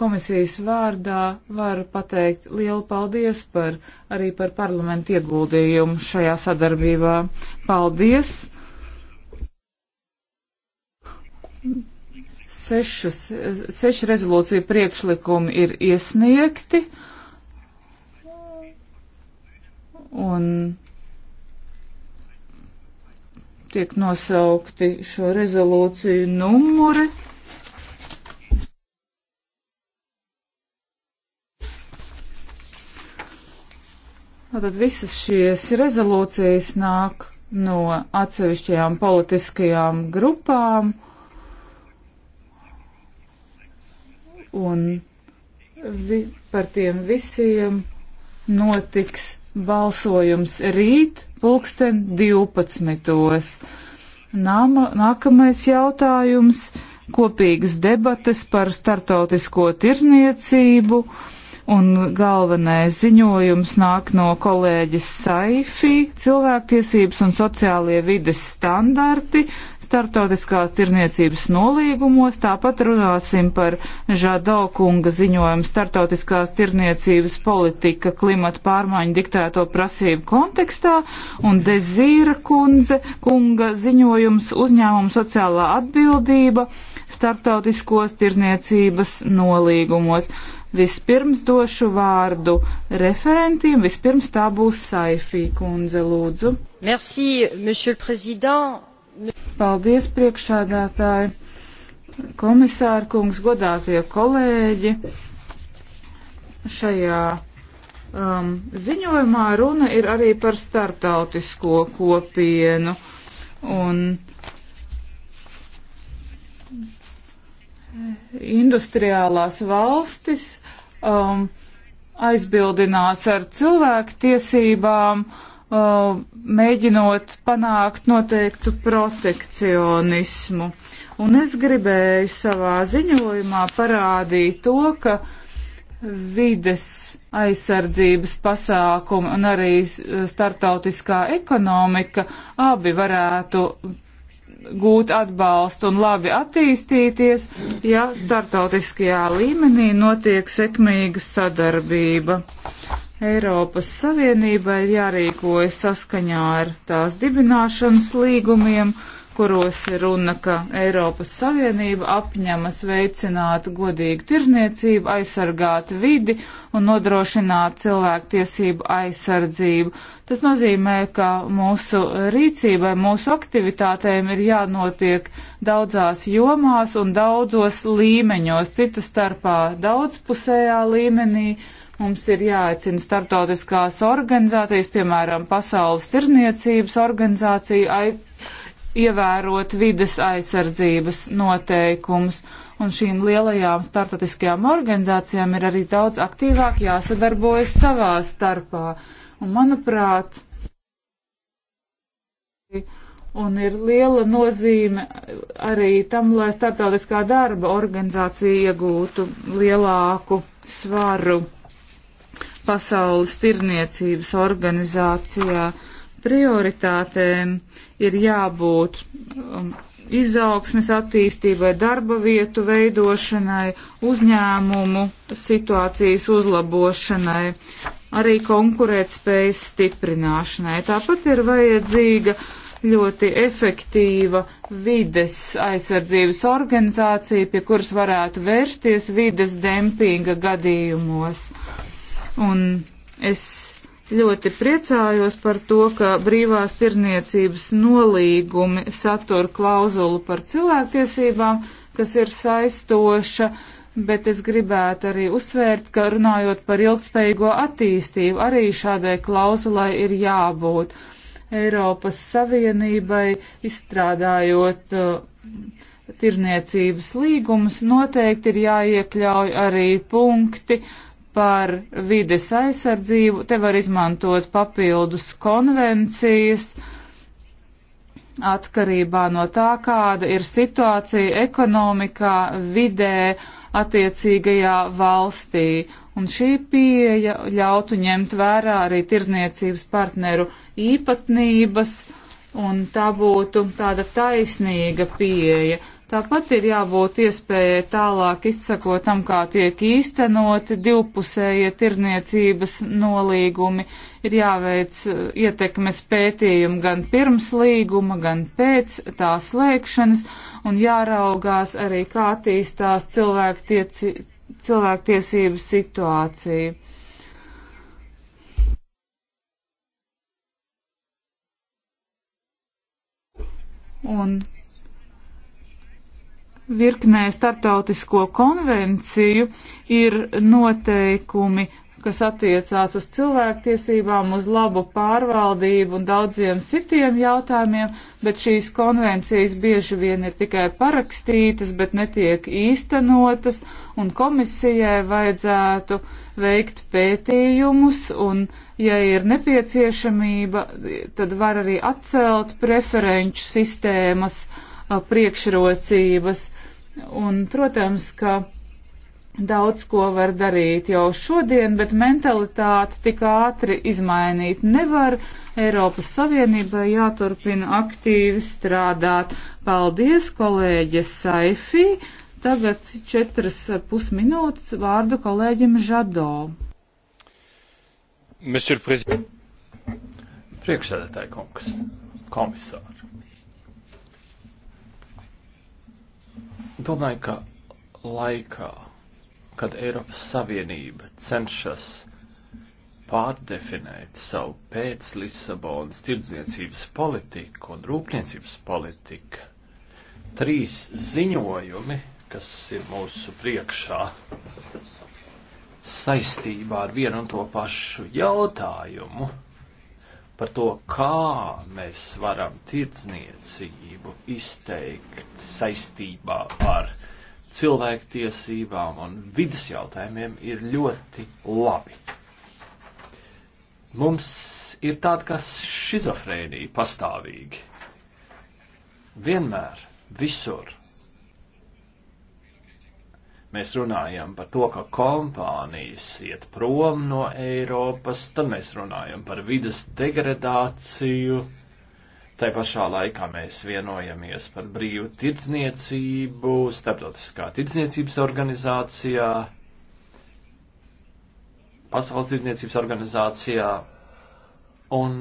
komisijas vārdā varu pateikt lielu paldies par arī par parlamentu ieguldījumu šajā sadarbībā. Paldies! Sešas, seši rezolūcija priekšlikumi ir iesniegti. Un tiek nosaukti šo rezolūciju numuri. Tātad visas šīs rezolūcijas nāk no atsevišķajām politiskajām grupām un vi, par tiem visiem notiks balsojums rīt pulksten 12. Nama, nākamais jautājums - kopīgas debates par starptautisko tirzniecību un galvenais ziņojums nāk no kolēģis Saifī - cilvēktiesības un sociālie vides standarti starptautiskās tirniecības nolīgumos. Tāpat runāsim par Žadokunga ziņojumu starptautiskās tirniecības politika klimata pārmaiņu diktēto prasību kontekstā un Dezīra kundze, kunga ziņojums uzņēmuma sociālā atbildība starptautiskos tirniecības nolīgumos. Vispirms došu vārdu referentiem, vispirms tā būs Saifī kundze, lūdzu. Merci, monsieur le président. Paldies, priekšādātāji, komisāra kungs, godātie kolēģi. Šajā um, ziņojumā runa ir arī par starptautisko kopienu. Un industriālās valstis um, aizbildinās ar cilvēku tiesībām, um, mēģinot panākt noteiktu protekcionismu. Un es gribēju savā ziņojumā parādīt to, ka vides aizsardzības pasākumi un arī startautiskā ekonomika abi varētu gūt atbalstu un labi attīstīties, ja startautiskajā līmenī notiek sekmīga sadarbība. Eiropas Savienībai ir jārīkojas saskaņā ar tās dibināšanas līgumiem kuros ir runa, ka Eiropas Savienība apņemas veicināt godīgu tirzniecību, aizsargāt vidi un nodrošināt cilvēktiesību aizsardzību. Tas nozīmē, ka mūsu rīcībai, mūsu aktivitātēm ir jānotiek daudzās jomās un daudzos līmeņos, cita starpā daudzpusējā līmenī. Mums ir jāaicina starptautiskās organizācijas, piemēram, Pasaules tirzniecības organizācija ievērot vides aizsardzības noteikums. Un šīm lielajām startautiskajām organizācijām ir arī daudz aktīvāk jāsadarbojas savā starpā. Un manuprāt, un ir liela nozīme arī tam, lai startautiskā darba organizācija iegūtu lielāku svaru pasaules tirniecības organizācijā. Uh, prioritātēm ir jābūt um, izaugsmes attīstībai, darba vietu veidošanai, uzņēmumu situācijas uzlabošanai, arī konkurētspējas stiprināšanai. Tāpat ir vajadzīga ļoti efektīva vides aizsardzības organizācija, pie kuras varētu vērsties vides dempinga gadījumos. Un es ļoti priecājos par to, ka brīvās tirniecības nolīgumi satura klauzulu par cilvēktiesībām, kas ir saistoša, bet es gribētu arī uzsvērt, ka runājot par ilgspējīgo attīstību, arī šādai klauzulai ir jābūt. Eiropas Savienībai izstrādājot uh, tirniecības līgumus noteikti ir jāiekļauj arī punkti, uh, par vides aizsardzību. Te var izmantot papildus konvencijas atkarībā no tā, kāda ir situācija ekonomikā, vidē, attiecīgajā valstī. Un šī pieeja ļautu ņemt vērā arī tirzniecības partneru īpatnības, un tā būtu tāda taisnīga pieeja. Tāpat ir jābūt iespējai tālāk izsakot tam, kā tiek īstenoti divpusējie tirzniecības nolīgumi. Ir jāveic uh, ietekmes pētījumi gan pirms līguma, gan pēc tā slēgšanas un jāraugās arī, kā attīstās cilvēktiesību situācija. Un virknē startautisko konvenciju ir noteikumi, kas attiecās uz cilvēktiesībām, uz labu pārvaldību un daudziem citiem jautājumiem, bet šīs konvencijas bieži vien ir tikai parakstītas, bet netiek īstenotas, un komisijai vajadzētu veikt pētījumus, un, ja ir nepieciešamība, tad var arī atcelt preferenču sistēmas priekšrocības Un, protams, ka daudz ko var darīt jau šodien, bet mentalitāti tik ātri izmainīt nevar. Eiropas Savienībai jāturpina aktīvi strādāt. Paldies, kolēģe Saifī. Tagad četras pusminūtes vārdu kolēģim Žado. Priekšsēdētāji kungs, komisār. Domāju, ka laikā, kad Eiropas Savienība cenšas pārdefinēt savu pēc Lisabonas tirdzniecības politiku un rūpniecības politiku, trīs ziņojumi, kas ir mūsu priekšā, saistībā ar vienu un to pašu jautājumu par to, kā mēs varam tirdzniecību izteikt saistībā ar cilvēktiesībām un vidas jautājumiem, ir ļoti labi. Mums ir tāda kā šizofrēnija pastāvīgi. Vienmēr, visur, mēs runājam par to, ka kompānijas iet prom no Eiropas, tad mēs runājam par vidas degradāciju. Tai pašā laikā mēs vienojamies par brīvu tirdzniecību, starptautiskā tirdzniecības organizācijā, pasaules tirdzniecības organizācijā, un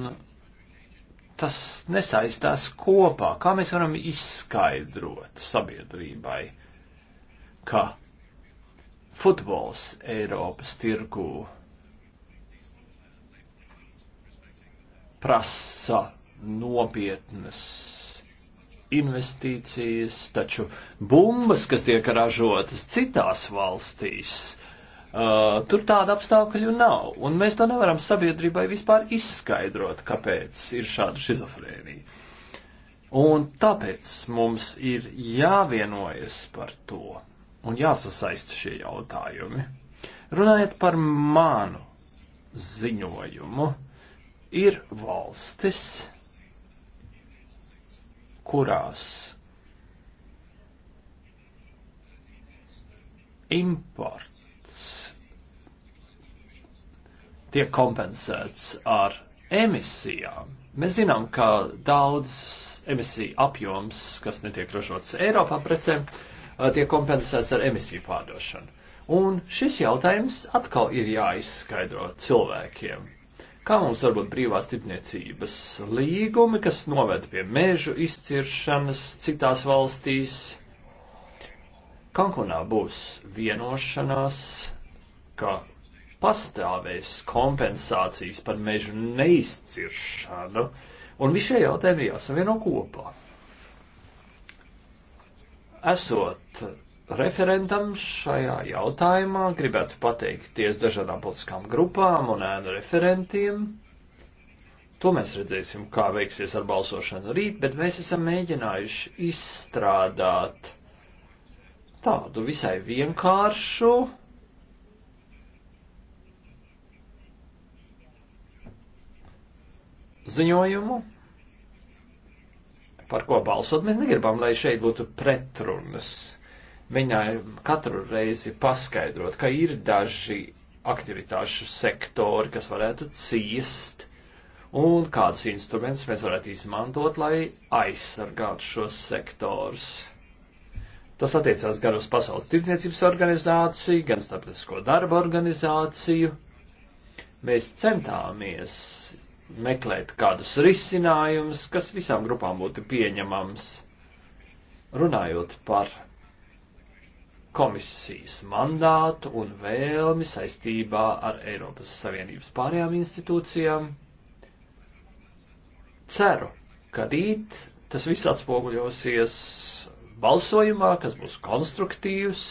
tas nesaistās kopā. Kā mēs varam izskaidrot sabiedrībai, ka futbols Eiropas tirgū prasa nopietnas investīcijas, taču bumbas, kas tiek ražotas citās valstīs, uh, tur tāda apstākļu nav. Un mēs to nevaram sabiedrībai vispār izskaidrot, kāpēc ir šāda šizofrēnija. Un tāpēc mums ir jāvienojas par to un jāsasaist šie jautājumi. Runājot par manu ziņojumu, ir valstis, kurās imports tiek kompensēts ar emisijām. Mēs zinām, ka daudz emisiju apjoms, kas netiek ražots Eiropā precēm, uh, tiek kompensēts ar emisiju pārdošanu. Un šis jautājums atkal ir jāizskaidro cilvēkiem. Kā mums var būt brīvās tirdzniecības līgumi, kas noved pie mežu izciršanas citās valstīs? Kankunā būs vienošanās, ka pastāvēs kompensācijas par mežu neizciršanu, un visi šie jautājumi jāsavieno kopā. Esot referentam šajā jautājumā, gribētu pateikties dažādām politiskām grupām un ēnu referentiem. To mēs redzēsim, kā veiksies ar balsošanu rīt, bet mēs esam mēģinājuši izstrādāt tādu visai vienkāršu ziņojumu, par ko balsot. Mēs negribam, lai šeit būtu pretrunas. Mēģinājām katru reizi paskaidrot, ka ir daži aktivitāšu sektori, kas varētu ciest, un kādus instrumentus mēs varētu izmantot, lai aizsargātu šos sektors. Tas attiecās gan uz Pasaules tirdzniecības organizāciju, gan starptautisko darba organizāciju. Mēs centāmies meklēt kādus risinājumus, kas visām grupām būtu pieņemams. Runājot par komisijas mandātu un vēlmi saistībā ar Eiropas Savienības pārējām institūcijām, ceru, ka rīt tas viss atspoguļosies balsojumā, kas būs konstruktīvs,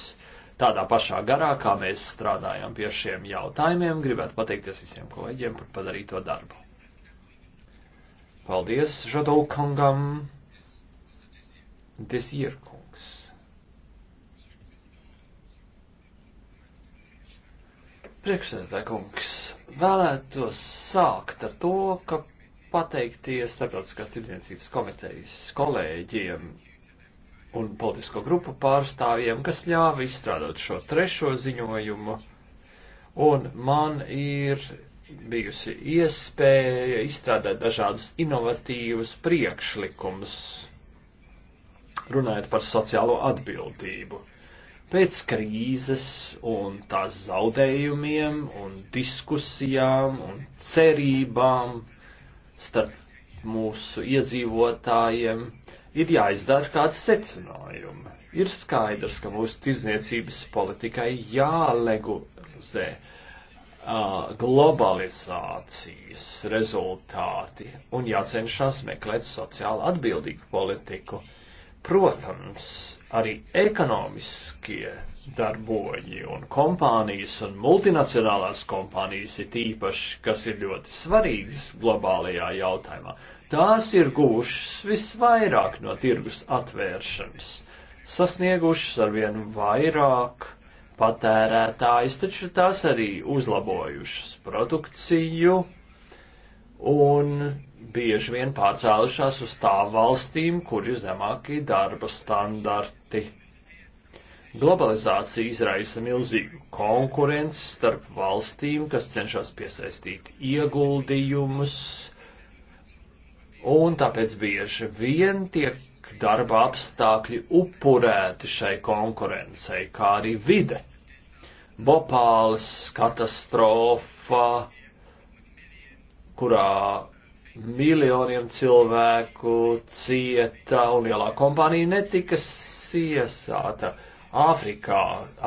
tādā pašā garā, kā mēs strādājam pie šiem jautājumiem. Gribētu pateikties visiem kolēģiem par padarīto darbu. Paldies Žadau kungam. Desir kungs. Priekšsēdētāj kungs, vēlētos sākt ar to, ka pateikties Starptautiskās tirdzniecības komitejas kolēģiem un politisko grupu pārstāvjiem, kas ļāva izstrādāt šo trešo ziņojumu. Un man ir bijusi iespēja izstrādāt dažādus inovatīvus priekšlikumus, runājot par sociālo atbildību. Pēc krīzes un tās zaudējumiem un diskusijām un cerībām starp mūsu iedzīvotājiem ir jāizdara kāds secinājumi. Ir skaidrs, ka mūsu tirzniecības politikai jālegalizē globalizācijas rezultāti un jācenšas meklēt sociāli atbildīgu politiku. Protams, arī ekonomiskie darboņi un kompānijas un multinacionālās kompānijas ir īpaši, kas ir ļoti svarīgas globālajā jautājumā. Tās ir guvušas visvairāk no tirgus atvēršanas, sasniegušas arvien vairāk patērētājus, taču tās arī uzlabojušas produkciju un bieži vien pārcēlušās uz tām valstīm, kur ir zemākie darba standarti. Globalizācija izraisa milzīgu konkurenci starp valstīm, kas cenšas piesaistīt ieguldījumus, un tāpēc bieži vien tiek darba apstākļi upurēti šai konkurencei, kā arī vide. Bopāles katastrofa, kurā miljoniem cilvēku cieta un lielā kompānija netika siesāta. Āfrikā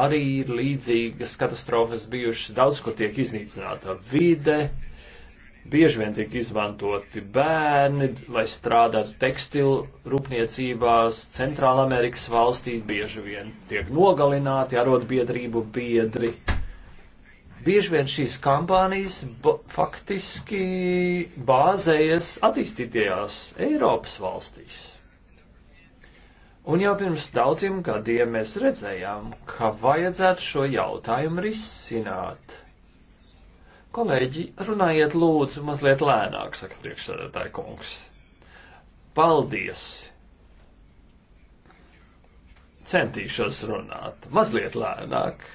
arī ir līdzīgas katastrofas bijušas, daudz ko tiek iznīcināta vide, bieži vien tiek izmantoti bērni, lai strādātu tekstilu rūpniecībās, Centrāla Amerikas valstī bieži vien tiek nogalināti arotbiedrību biedri. Bieži vien šīs kampānijas ba faktiski bāzējas attīstītajās Eiropas valstīs. Un jau pirms daudziem gadiem mēs redzējām, ka vajadzētu šo jautājumu risināt Kolēģi, runājiet lūdzu mazliet lēnāk, saka priekšsēdētāja kungs. Paldies! Centīšos runāt mazliet lēnāk,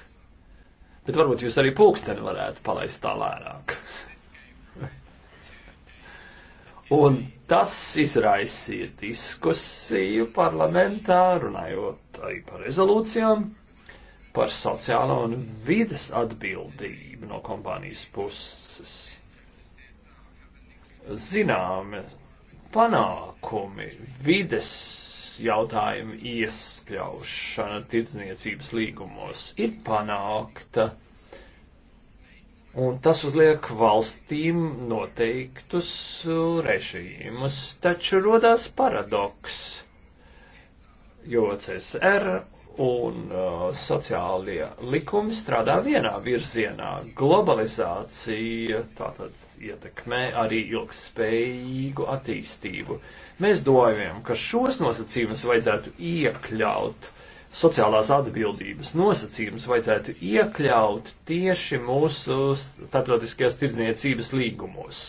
bet varbūt jūs arī pulksteni varētu palaist tā lēnāk. Un tas izraisīja diskusiju parlamentā, runājot arī par rezolūcijām par sociālo un vides atbildību no kompānijas puses. Zināmi panākumi, vides jautājumu ieskļaušana tirdzniecības līgumos ir panākta. Un tas uzliek valstīm noteiktus režīmus, taču rodas paradoks, jo CSR un uh, sociālie likumi strādā vienā virzienā. Globalizācija tātad ietekmē arī ilgspējīgu attīstību. Mēs domājam, ka šos nosacījumus vajadzētu iekļaut, sociālās atbildības nosacījumus vajadzētu iekļaut tieši mūsu starptautiskajās tirdzniecības līgumos.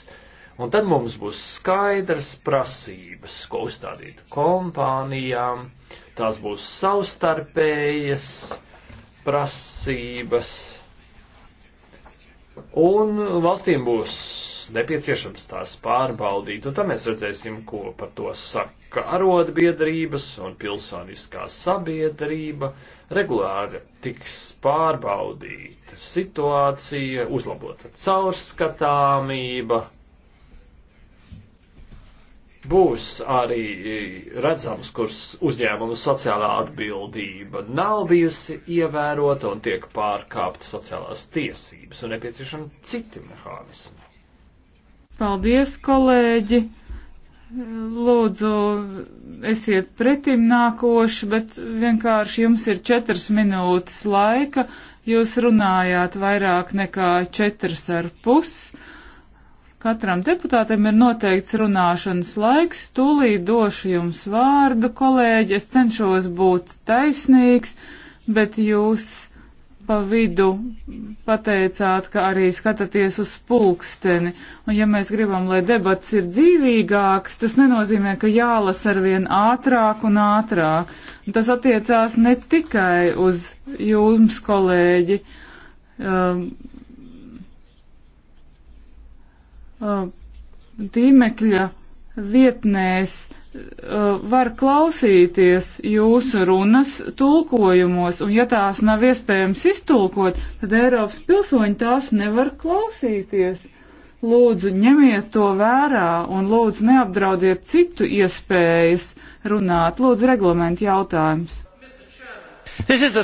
Un tad mums būs skaidrs prasības, ko uzstādīt kompānijām, uh, tās būs savstarpējas prasības, un valstīm būs nepieciešams tās pārbaudīt, un tad mēs redzēsim, ko par to saka arotbiedrības un pilsoniskā sabiedrība. Regulāri tiks pārbaudīta situācija, uzlabota caurskatāmība būs arī redzams, kurs uzņēmumu sociālā atbildība nav bijusi ievērota un tiek pārkāpta sociālās tiesības un nepieciešami citi mehānismi. Paldies, kolēģi! Lūdzu, esiet pretim nākoši, bet vienkārši jums ir četras minūtes laika. Jūs runājāt vairāk nekā četras ar pusi. Katram deputātam ir noteikts runāšanas laiks, tūlīt došu jums vārdu, kolēģi, es cenšos būt taisnīgs, bet jūs pa vidu pateicāt, ka arī skatāties uz pulksteni. Un ja mēs gribam, lai debats ir dzīvīgāks, tas nenozīmē, ka jālas arvien ātrāk un ātrāk. Un tas attiecās ne tikai uz jums, kolēģi. Um, Uh, tīmekļa vietnēs uh, var klausīties jūsu runas tulkojumos, un ja tās nav iespējams iztulkot, tad Eiropas pilsoņi tās nevar klausīties. Lūdzu, ņemiet to vērā un lūdzu neapdraudiet citu iespējas runāt. Lūdzu, reglamentu jautājums. And...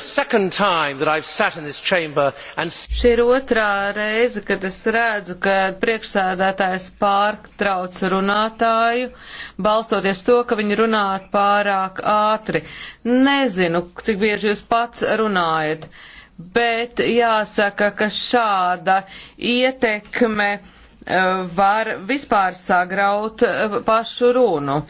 Šī ir otrā reize, kad es redzu, ka priekšsēdētājs pārtrauc runātāju, balstoties to, ka viņi runā pārāk ātri. Nezinu, cik bieži jūs pats runājat, bet jāsaka, ka šāda ietekme eh, var vispār sagraut eh, pašu runu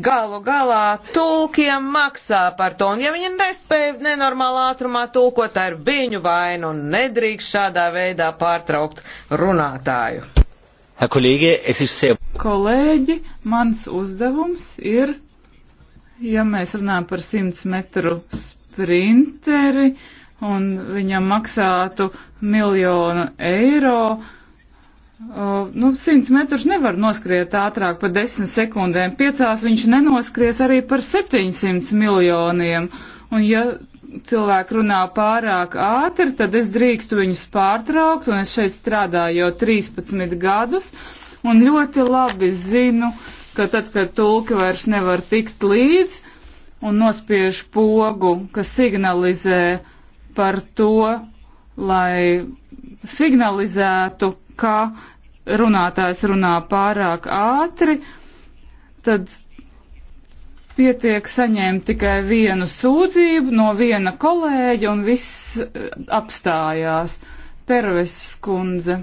galu galā tulkiem maksā par to, un ja viņi nespēja nenormālā ātrumā tulkot, tā ir viņu vaina, un nedrīkst šādā veidā pārtraukt runātāju. Kolēģi, mans uzdevums ir, ja mēs runājam par 100 metru sprinteri, un viņam maksātu miljonu eiro, Uh, nu, 100 metrus nevar noskriet ātrāk par 10 sekundēm. Piecās viņš nenoskries arī par 700 miljoniem. Un ja cilvēki runā pārāk ātri, tad es drīkstu viņus pārtraukt, un es šeit strādāju jau 13 gadus, un ļoti labi zinu, ka tad, kad tulki vairs nevar tikt līdz, un nospiež pogu, kas signalizē par to, lai signalizētu ka runātājs runā pārāk ātri, tad pietiek saņemt tikai vienu sūdzību no viena kolēģa un viss eh, apstājās. Perves skundze.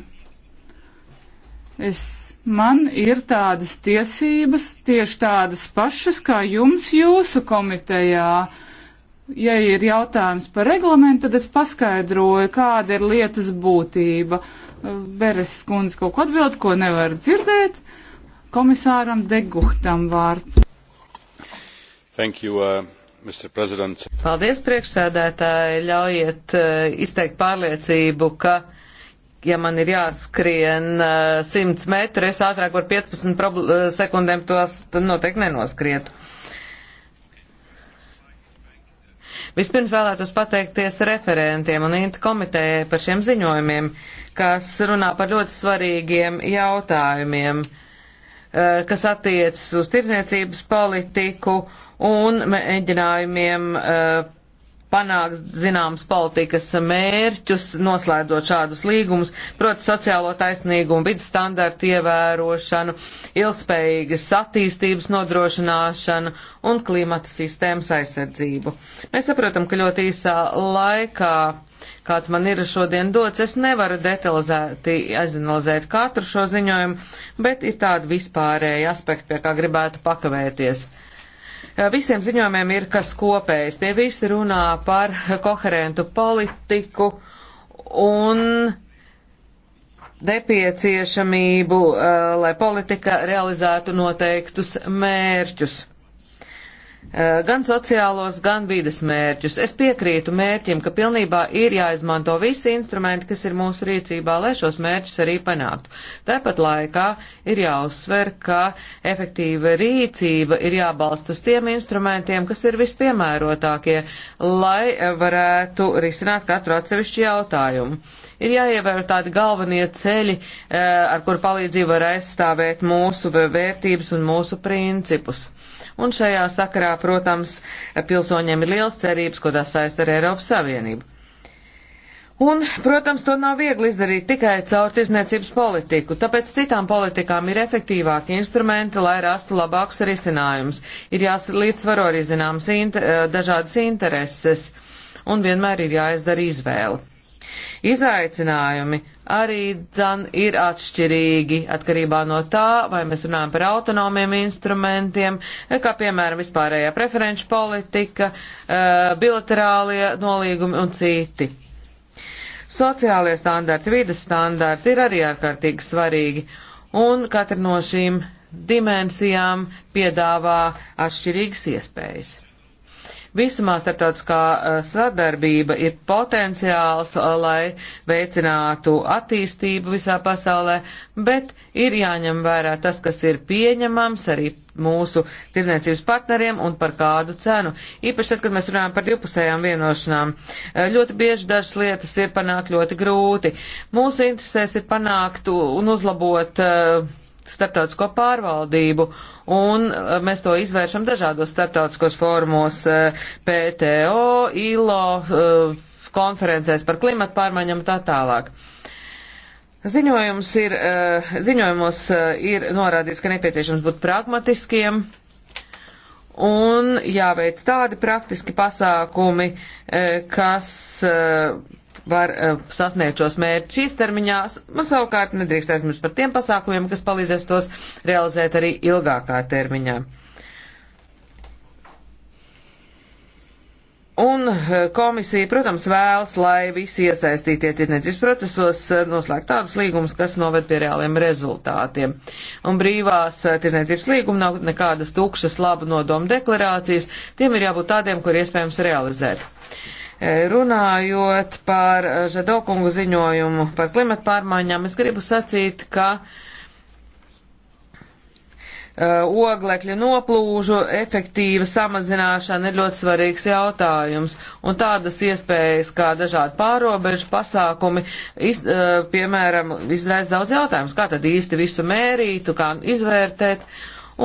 Es, man ir tādas tiesības, tieši tādas pašas kā jums jūsu komitejā. Uh, ja ir jautājums par reglamentu, tad es paskaidroju, kāda ir lietas būtība. Beres skundze kaut ko atbild, ko nevar dzirdēt. Komisāram Deguhtam vārds. Thank you, uh, Mr. President. Paldies, priekšsēdētāji. Ļaujiet uh, izteikt pārliecību, ka, ja man ir jāskrien uh, 100 metru, es ātrāk par 15 uh, sekundēm tos noteikti nenoskrietu. Uh, Vispirms vēlētos pateikties referentiem un Inta komitējai par šiem ziņojumiem, kas runā par ļoti svarīgiem jautājumiem, eh, kas attiecas uz tirdzniecības politiku un mēģinājumiem eh, panāks zināmas politikas mērķus, noslēdzot šādus līgumus, proti sociālo taisnīgumu, vidas standartu ievērošanu, ilgspējīgas attīstības nodrošināšanu un klimata sistēmas aizsardzību. Mēs saprotam, ka ļoti īsā laikā, kāds man ir šodien dots, es nevaru detalizēti aizanalizēt katru šo ziņojumu, bet ir tādi vispārēji aspekti, pie kā gribētu pakavēties. Eh, visiem ziņojumiem ir kas kopējs. Tie visi runā par koherentu politiku un nepieciešamību, eh, lai politika realizētu noteiktus mērķus. Eh, gan sociālos, gan vides mērķus. Es piekrītu mērķim, ka pilnībā ir jāizmanto visi instrumenti, kas ir mūsu rīcībā, lai šos mērķus arī panāktu. Tāpat laikā ir jāuzsver, ka efektīva rīcība ir jābalst uz tiem instrumentiem, kas ir vispiemērotākie, lai varētu risināt katru atsevišķu jautājumu. Ir jāievēro tādi galvenie ceļi, eh, ar kur palīdzību var aizstāvēt mūsu vērtības un mūsu principus un šajā sakarā, protams, pilsoņiem ir liels cerības, ko tas saist ar Eiropas Savienību. Un, protams, to nav viegli izdarīt tikai caur tirzniecības politiku, tāpēc citām politikām ir efektīvāki instrumenti, lai rastu labākus risinājumus. Ir jāslīdzsvaro arī zināmas inter dažādas intereses, un vienmēr ir jāizdara izvēle. Izaicinājumi arī dzan ir atšķirīgi atkarībā no tā, vai mēs runājam par autonomiem instrumentiem, e, kā piemēram vispārējā preferenču politika, e, bilaterālie nolīgumi un citi. Sociālie standarti, vidas standarti ir arī ārkārtīgi svarīgi, un katra no šīm dimensijām piedāvā atšķirīgas iespējas. Visumā starptautiskā eh, sadarbība ir potenciāls, eh, lai veicinātu attīstību visā pasaulē, bet ir jāņem vērā tas, kas ir pieņemams arī mūsu tirdzniecības partneriem un par kādu cenu. Īpaši tad, kad mēs runājam par divpusējām vienošanām, eh, ļoti bieži dažas lietas ir panākt ļoti grūti. Mūsu interesēs ir panākt un uzlabot uh, starptautisko pārvaldību, un eh, mēs to izvēršam dažādos starptautiskos formos eh, - PTO, ILO, eh, konferencēs par klimatu pārmaiņām tā tālāk. Ziņojums ir, ziņojumos ir norādīts, ka nepieciešams būt pragmatiskiem un jāveic tādi praktiski pasākumi, kas var uh, sasniegt šos mērķus īstermiņā, man savukārt nedrīkst aizmirst par tiem pasākumiem, kas palīdzēs tos realizēt arī ilgākā termiņā. Un eh, komisija, protams, vēlas, lai visi iesaistītie tirdzniecības procesos eh, noslēgtu tādus līgumus, kas noved pie reāliem rezultātiem. Un brīvās tirdzniecības līguma nav nekādas tukšas labu nodomu deklarācijas, tiem ir jābūt tādiem, kur iespējams realizēt. Runājot par eh, Žadokungu ziņojumu par klimatu pārmaiņām, es gribu sacīt, ka eh, oglekļa noplūžu efektīva samazināšana ir ļoti svarīgs jautājums, un tādas iespējas kā dažādi pārobežu pasākumi, iz, eh, piemēram, izraisa daudz jautājumus, kā tad īsti visu mērītu, kā izvērtēt,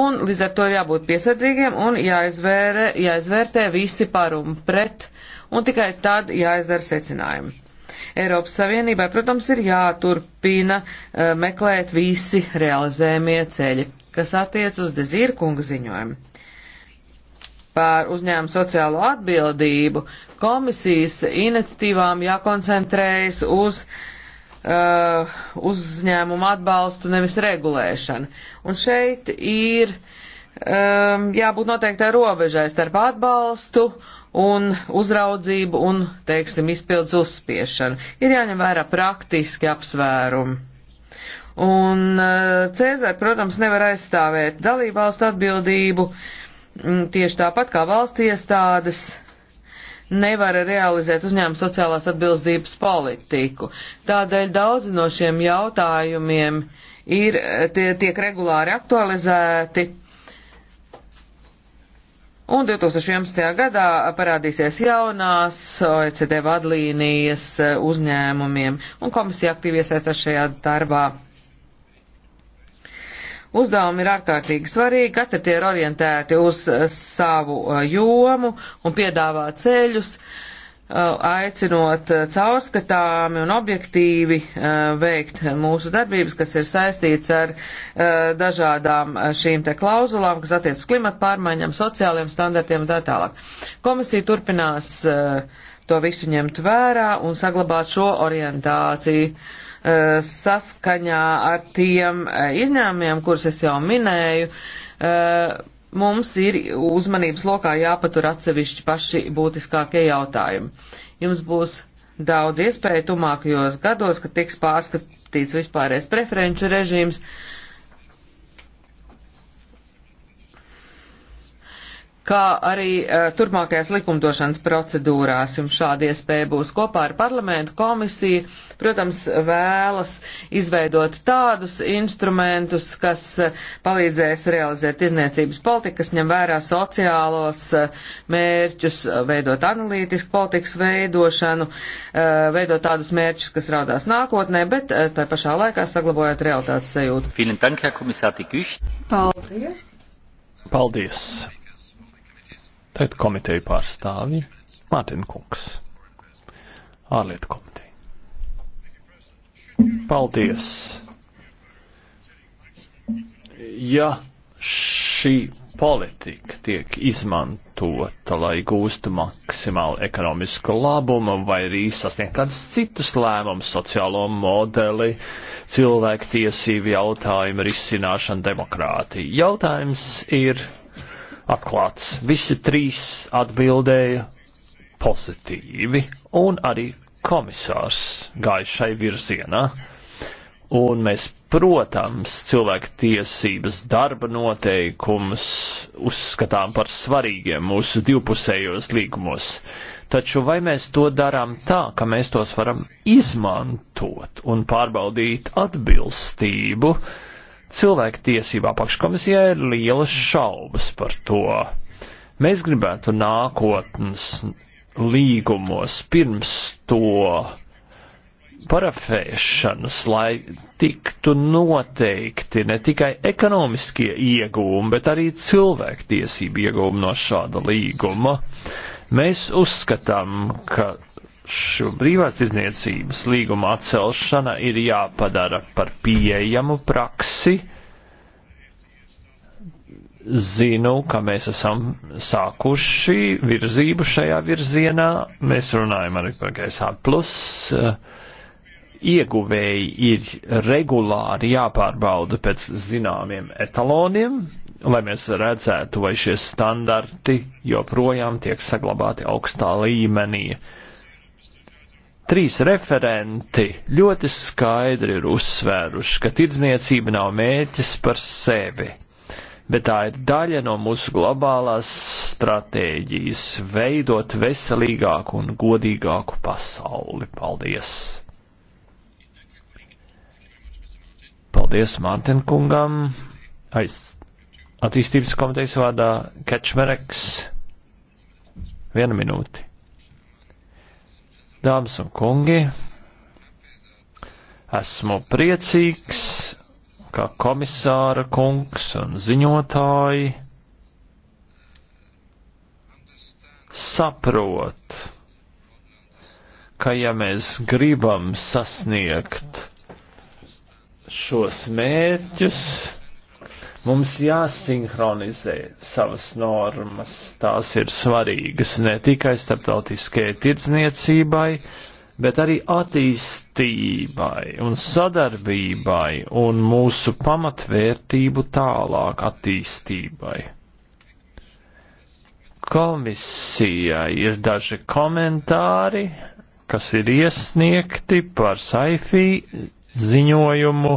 un līdz ar to ir jābūt piesardzīgiem un jāizvēre, jāizvērtē visi par un pret un tikai tad jāizdara secinājumi. Eiropas Savienībai, protams, ir jāturpina eh, meklēt visi realizējumie ceļi, kas attiec uz Dezirkunga ziņojumu. Par uzņēmumu sociālo atbildību komisijas iniciatīvām jākoncentrējas uz uh, uzņēmumu atbalstu, nevis regulēšanu. Un šeit ir um, jābūt noteiktai robežai starp atbalstu un uzraudzību un, teiksim, izpildus uzspiešanu. Ir jāņem vērā praktiski apsvērumi. Un eh, Cēzari, protams, nevar aizstāvēt dalību valstu atbildību, mm, tieši tāpat kā valsts iestādes nevar realizēt uzņēmuma sociālās atbildības politiku. Tādēļ daudzi no šiem jautājumiem ir, eh, tie, tiek regulāri aktualizēti Un 2011. gadā parādīsies jaunās OECD vadlīnijas eh, uzņēmumiem, un komisija aktīvi iesaistās šajā darbā. Uzdevumi ir ārkārtīgi svarīgi, katra tie ir orientēti uz eh, savu eh, jomu un piedāvā ceļus, uh, Uh, aicinot uh, caurskatāmi un objektīvi uh, veikt mūsu darbības, kas ir saistīts ar dažādām šīm te klauzulām, kas attiec uz klimatu pārmaiņām, sociāliem standartiem un tā tālāk. Komisija turpinās to visu ņemt vērā un saglabāt šo orientāciju saskaņā ar tiem izņēmumiem, kurus es jau minēju mums ir uzmanības lokā jāpatur atsevišķi paši būtiskākie jautājumi. Jums būs daudz iespēju tumākajos gados, kad tiks pārskatīts vispārējais preferenču režīms, uh, kā arī uh, turpmākajās likumdošanas procedūrās. Jums šāda iespēja būs kopā ar parlamentu komisiju. Protams, vēlas izveidot tādus instrumentus, kas uh, palīdzēs realizēt tirniecības politiku, kas ņem vērā sociālos uh, mērķus, veidot analītisku politikas veidošanu, veidot tādus mērķus, kas raudās nākotnē, bet tā pašā laikā saglabājot realitātes sajūtu. Paldies! Paldies! Tagad komiteju pārstāvi Mārtiņa Kungs, ārlietu komiteja. Paldies! Ja šī politika tiek izmantota, lai gūstu maksimālu ekonomisko labumu vai arī sasniegt kādus citus lēmumus, sociālo modeli, cilvēktiesību jautājumu risināšanu demokrātiju. Jautājums ir, atklāts. Visi trīs atbildēja pozitīvi, un arī komisārs gāja šai virzienā. Un mēs, protams, cilvēku tiesības darba noteikumus uzskatām par svarīgiem mūsu divpusējos līgumos. Taču vai mēs to darām tā, ka mēs tos varam izmantot un pārbaudīt atbilstību, uh, Cilvēktiesība apakškomisijai ir lielas šaubas par to. Mēs gribētu nākotnes līgumos pirms to parafēšanas, lai tiktu noteikti ne tikai ekonomiskie iegūmi, bet arī cilvēktiesību iegūmi no šāda līguma. Mēs uzskatām, ka šo brīvās tirdzniecības līguma atcelšana ir jāpadara par pieejamu praksi. Zinu, ka mēs esam sākuši virzību šajā virzienā. Mēs runājam arī par GSH. Plus, ieguvēji ir regulāri jāpārbauda pēc zināmiem etaloniem, lai mēs redzētu, vai šie standarti joprojām tiek saglabāti augstā līmenī. Uh, Trīs referenti ļoti skaidri ir uzsvēruši, ka tirdzniecība nav mērķis par sevi, bet tā ir daļa no mūsu globālās stratēģijas - veidot veselīgāku un godīgāku pasauli. Paldies! Paldies Mārten kungam! Aiz attīstības komitejas vārdā Kečmereks. Viena minūte. Dāmas un kungi, esmu priecīgs, ka komisāra kungs un ziņotāji saprot, ka ja mēs gribam sasniegt šos mērķus, Mums jāsinhronizē savas normas, tās ir svarīgas ne tikai starptautiskajai tirdzniecībai, bet arī attīstībai un sadarbībai un mūsu pamatvērtību tālāk attīstībai. Komisijai ir daži komentāri, kas ir iesniegti par saifī ziņojumu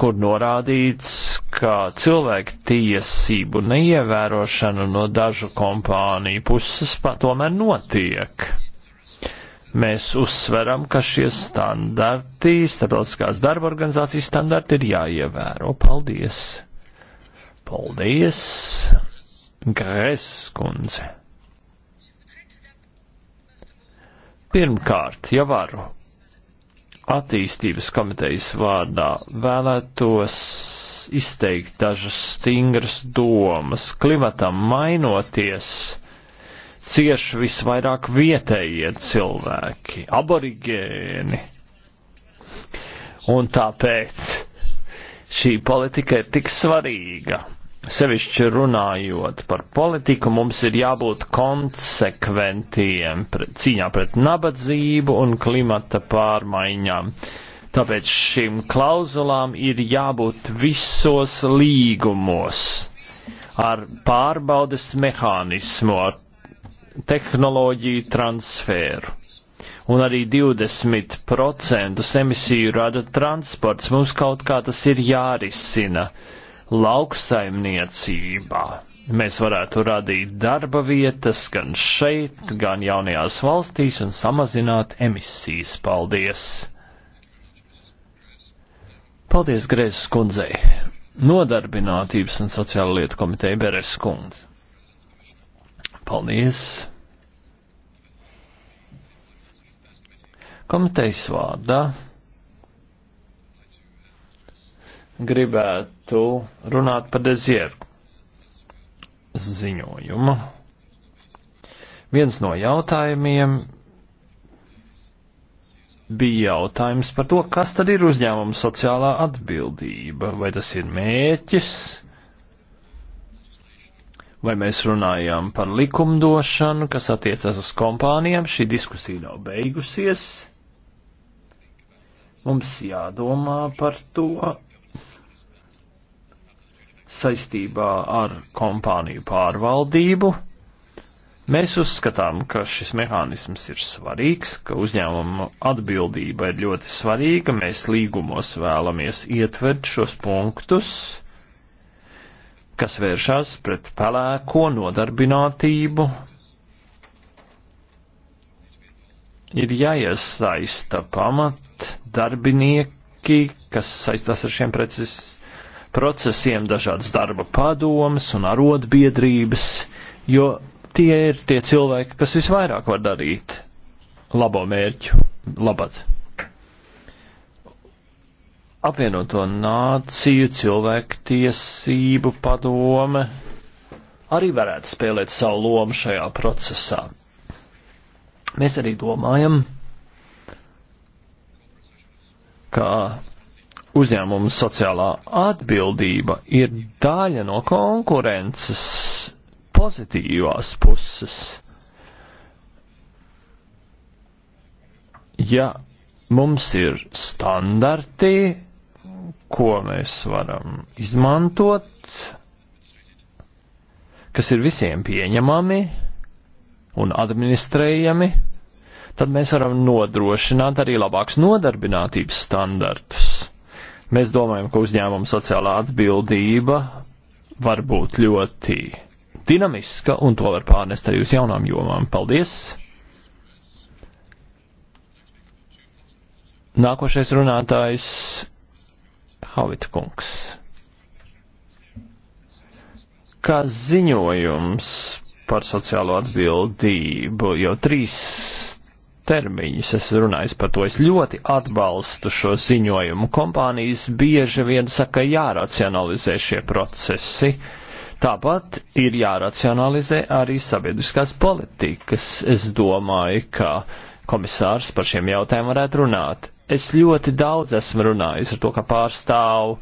kur norādīts, ka cilvēku tiesību neievērošana no dažu kompāniju puses tomēr notiek. Mēs uzsveram, ka šie standarti, starptautiskās darba organizācijas standarti ir jāievēro. Paldies! Paldies, Gres kundze! Pirmkārt, ja varu, attīstības komitejas vārdā vēlētos izteikt dažas stingras domas. Klimatam mainoties, cieš visvairāk vietējie cilvēki, aborigēni. Un tāpēc šī politika ir tik svarīga sevišķi runājot par politiku, mums ir jābūt konsekventiem pret, cīņā pret nabadzību un klimata pārmaiņām. Tāpēc šīm klauzulām ir jābūt visos līgumos ar pārbaudes mehānismu, ar tehnoloģiju transferu. Un arī 20% emisiju rada transports. Mums kaut kā tas ir jārisina. Uh, lauksaimniecībā. Mēs varētu radīt darba vietas gan šeit, gan jaunajās valstīs un samazināt emisijas. Paldies! Paldies, Grēzes kundzei! Nodarbinātības un sociāla lieta komiteja Beres kundze. Paldies! Komitejas vārdā gribētu runāt par dezieru ziņojumu. Viens no jautājumiem bija jautājums par to, kas tad ir uzņēmuma sociālā atbildība, vai tas ir mēķis, vai mēs runājam par likumdošanu, kas attiecas uz kompānijām, šī diskusija nav beigusies. Mums jādomā par to, saistībā ar kompāniju pārvaldību. Mēs uzskatām, ka šis mehānisms ir svarīgs, ka uzņēmuma atbildība ir ļoti svarīga, mēs līgumos vēlamies ietvert šos punktus, kas vēršas pret pelēko nodarbinātību. Ir jāiesaista pamat darbinieki, kas saistās ar šiem preces procesiem dažādas darba padomas un arotbiedrības, jo tie ir tie cilvēki, kas visvairāk var darīt labo mērķu labad. Apvienoto nāciju cilvēku tiesību padome arī varētu spēlēt savu lomu šajā procesā. Mēs arī domājam, ka uzņēmuma sociālā atbildība ir daļa no konkurences pozitīvās puses. Ja mums ir standarti, ko mēs varam izmantot, kas ir visiem pieņemami un administrējami, tad mēs varam nodrošināt arī labāks nodarbinātības standartus Mēs domājam, ka uzņēmuma sociālā atbildība var būt ļoti dinamiska, un to var pārnest arī uz jaunām jomām. Paldies! Nākošais runātājs Havits Kungs. Kā ziņojums par sociālo atbildību jau trīs termiņus. Es runāju par to, es ļoti atbalstu šo ziņojumu. Kompānijas bieži vien saka, jāracionalizē šie procesi. Tāpat ir jāracionalizē arī sabiedriskās politikas. Es domāju, ka komisārs par šiem jautājumiem varētu runāt. Es ļoti daudz esmu runājis ar to, ka pārstāvu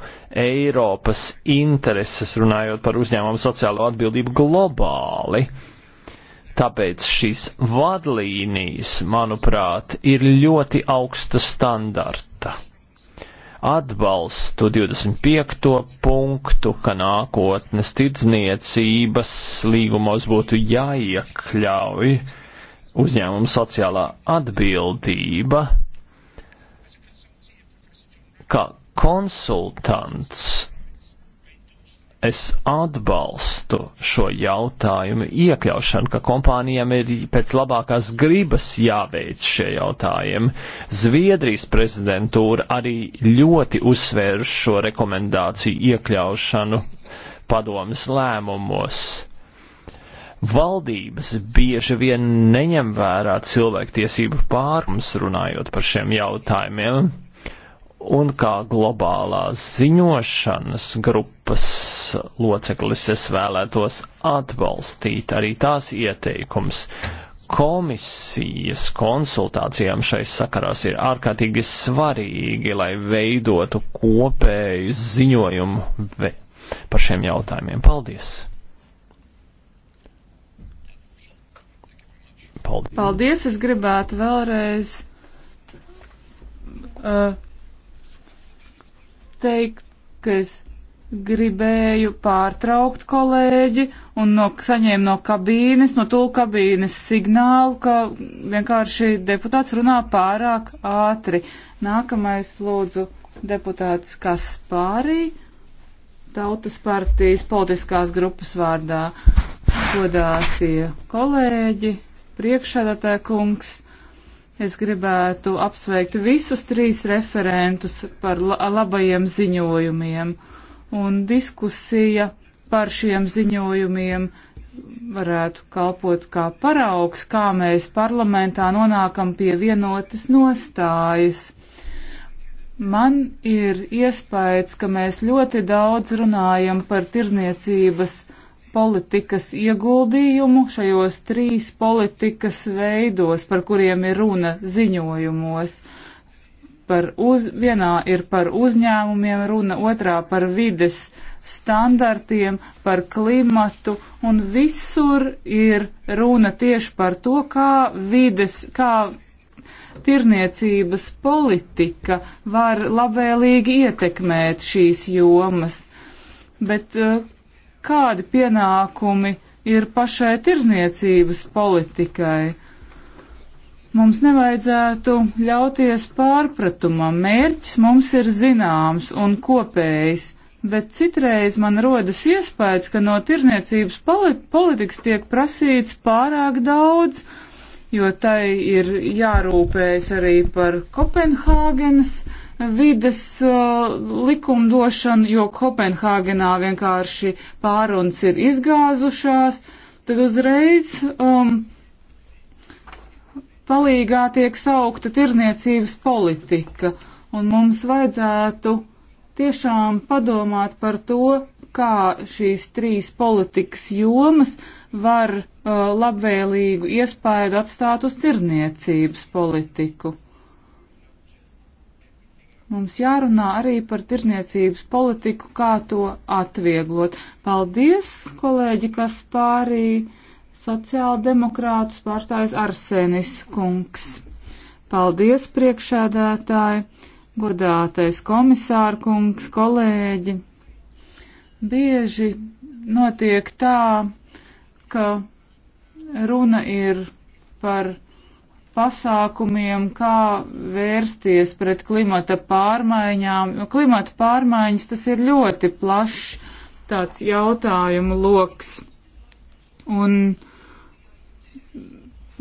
Eiropas intereses runājot par uzņēmumu sociālo atbildību globāli. Uh, Tāpēc šīs vadlīnijas, manuprāt, ir ļoti augsta standarta. Atbalstu 25. punktu, ka nākotnes tirdzniecības līgumos būtu jāiekļauj uzņēmuma sociālā atbildība, ka konsultants es atbalstu šo jautājumu iekļaušanu, ka kompānijām ir pēc labākās gribas jāveic šie jautājumi. Zviedrijas prezidentūra arī ļoti uzsvēra šo rekomendāciju iekļaušanu padomas lēmumos. Valdības bieži vien neņem vērā cilvēktiesību pārums runājot par šiem jautājumiem un kā globālās ziņošanas grupas loceklis es vēlētos atbalstīt arī tās ieteikums. Komisijas konsultācijām šai sakarās ir ārkārtīgi svarīgi, lai veidotu kopēju ziņojumu par šiem jautājumiem. Paldies! Paldies! Paldies! Es gribētu vēlreiz. Uh, teikt, ka es gribēju pārtraukt kolēģi un no, saņēmu no kabīnes, no tulkabīnes signālu, ka vienkārši deputāts runā pārāk ātri. Nākamais lūdzu deputāts Kaspārī, Tautas partijas politiskās grupas vārdā. Godātie kolēģi, priekšsēdētāja kungs. Es gribētu apsveikt visus trīs referentus par labajiem ziņojumiem. Un diskusija par šiem ziņojumiem varētu kalpot kā paraugs, kā mēs parlamentā nonākam pie vienotas nostājas. Man ir iespējas, ka mēs ļoti daudz runājam par tirzniecības politikas ieguldījumu šajos trīs politikas veidos, par kuriem ir runa ziņojumos. Par uz, vienā ir par uzņēmumiem runa, otrā par vides standartiem, par klimatu, un visur ir runa tieši par to, kā vides, kā tirniecības politika var labvēlīgi ietekmēt šīs jomas. Bet eh, kādi pienākumi ir pašai tirzniecības politikai. Mums nevajadzētu ļauties pārpratumam. Mērķis mums ir zināms un kopējs, bet citreiz man rodas iespējas, ka no tirzniecības politikas tiek prasīts pārāk daudz, jo tai ir jārūpējas arī par Kopenhāgenes uh, vides uh, likumdošanu, jo Kopenhāgenā vienkārši pārunas ir izgāzušās, tad uzreiz um, palīgā tiek saukta tirzniecības politika, un mums vajadzētu tiešām padomāt par to, kā šīs trīs politikas jomas var uh, labvēlīgu iespēju atstāt uz tirzniecības politiku. Mums jārunā arī par tirzniecības politiku, kā to atvieglot. Paldies, kolēģi, kas pārī sociāldemokrātus pārstājas Arsenis kungs. Paldies, priekšēdētāji, godātais komisāra kungs, kolēģi. Bieži notiek tā, ka runa ir par pasākumiem, kā vērsties pret klimata pārmaiņām. Nu, klimata pārmaiņas tas ir ļoti plašs tāds jautājumu loks. Un,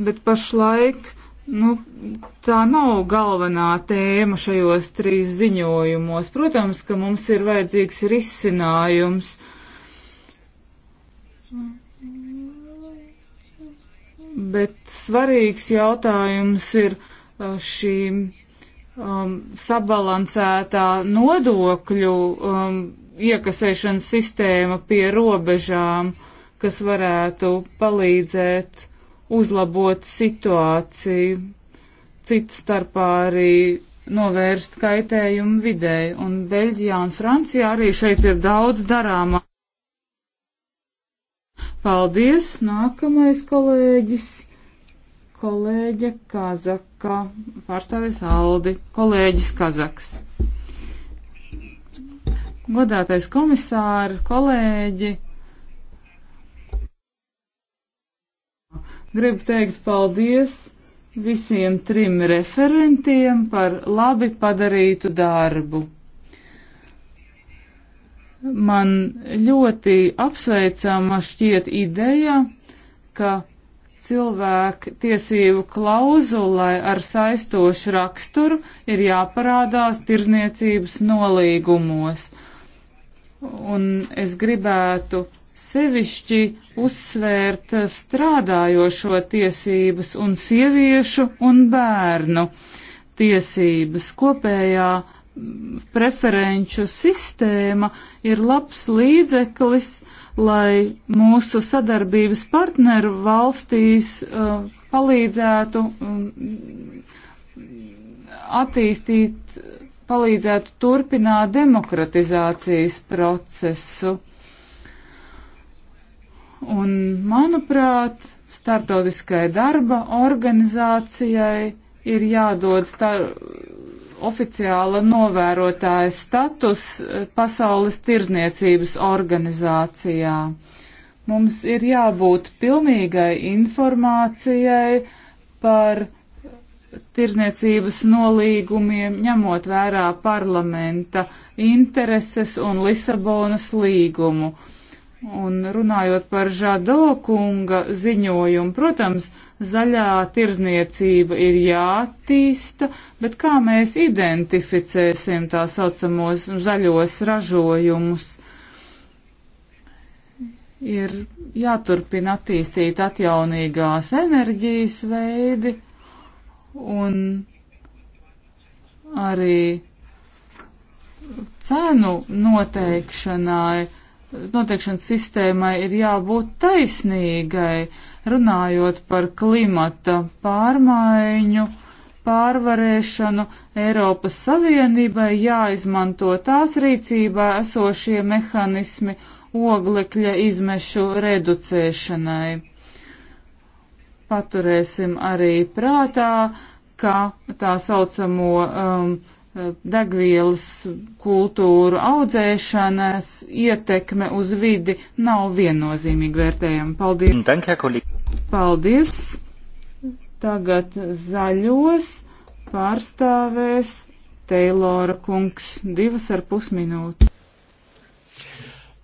bet pašlaik, nu, tā nav galvenā tēma šajos trīs ziņojumos. Protams, ka mums ir vajadzīgs risinājums. Mm bet svarīgs jautājums ir uh, šī um, sabalansētā nodokļu um, iekasēšanas sistēma pie robežām, kas varētu palīdzēt uzlabot situāciju, cits starpā arī novērst kaitējumu videi. Un Beļģijā un Francijā arī šeit ir daudz darāmā. Paldies! Nākamais kolēģis, kolēģe Kazaka, pārstāvis Aldi, kolēģis Kazaks. Godātais komisāri, kolēģi, gribu teikt paldies visiem trim referentiem par labi padarītu darbu. Man ļoti apsveicama šķiet ideja, ka cilvēku tiesību klauzulai ar saistošu raksturu ir jāparādās tirzniecības nolīgumos. Un es gribētu sevišķi uzsvērt strādājošo tiesības un sieviešu un bērnu tiesības kopējā preferenču sistēma ir labs līdzeklis, lai mūsu sadarbības partneru valstīs uh, palīdzētu um, attīstīt, palīdzētu turpināt demokratizācijas procesu. Un, manuprāt, starptautiskai darba organizācijai ir jādod star oficiāla novērotāja status Pasaules tirzniecības organizācijā. Mums ir jābūt pilnīgai informācijai par tirzniecības nolīgumiem, ņemot vērā parlamenta intereses un Lisabonas līgumu. Uh, Un runājot par Žado kunga ziņojumu, protams, zaļā tirzniecība ir jātīsta, bet kā mēs identificēsim tā saucamos zaļos ražojumus? Ir jāturpina attīstīt atjaunīgās enerģijas veidi un arī cenu noteikšanai noteikšanas sistēmai ir jābūt taisnīgai, runājot par klimata pārmaiņu, pārvarēšanu. Eiropas Savienībai jāizmanto tās rīcībā esošie mehanismi oglekļa izmešu reducēšanai. Paturēsim arī prātā, ka tā saucamo um, degvielas kultūru audzēšanas ietekme uz vidi nav viennozīmīgi vērtējama. Paldies! Mm, Paldies! Tagad zaļos pārstāvēs Teilora kungs divas ar pus minūtes.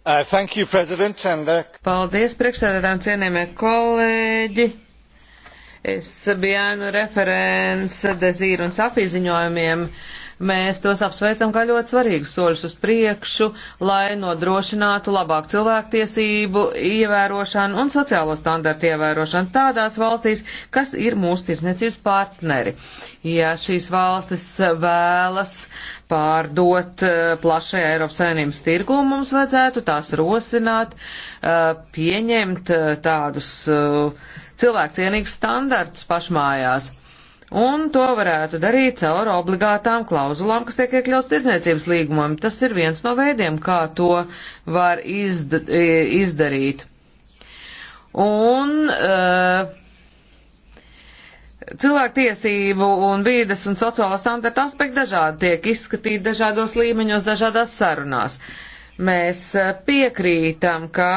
Uh, you, and, uh... Paldies, priekšsēdētājiem, cienījamie kolēģi! Es biju ēnu referents Dezīru un Safī ziņojumiem. Uh, Mēs tos apsveicam kā ļoti svarīgus soļus uz priekšu, lai nodrošinātu labāku cilvēktiesību ievērošanu un sociālo standartu ievērošanu tādās valstīs, kas ir mūsu tirsniecības partneri. Ja šīs valstis vēlas pārdot eh, plašajā Eiropas saimnības tirgū, mums vajadzētu tās rosināt, eh, pieņemt eh, tādus cilvēku cienīgus standartus pašmājās. Un to varētu darīt caur obligātām klauzulām, kas tiek iekļauts tirdzniecības līgumam. Tas ir viens no veidiem, kā to var izd izdarīt. Un uh, cilvēktiesību un vīdes un sociālā standarta aspekti dažādi tiek izskatīti dažādos līmeņos, dažādās sarunās. Mēs eh, piekrītam, ka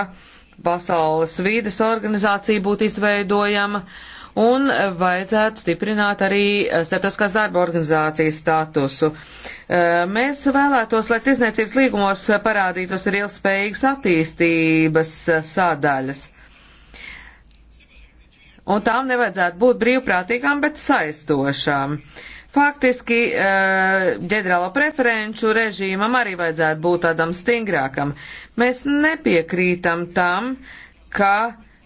Pasaules vīdes organizācija būtu izveidojama uh, un vajadzētu stiprināt arī eh, starptautiskās darba organizācijas statusu. Eh, mēs vēlētos, lai tirzniecības līgumos parādītos arī ilgspējīgas attīstības eh, sadaļas. Un tām nevajadzētu būt brīvprātīgām, bet saistošām. Uh, Faktiski ģenerālo preferenču režīmam arī vajadzētu būt tādam stingrākam. Mēs nepiekrītam tam, ka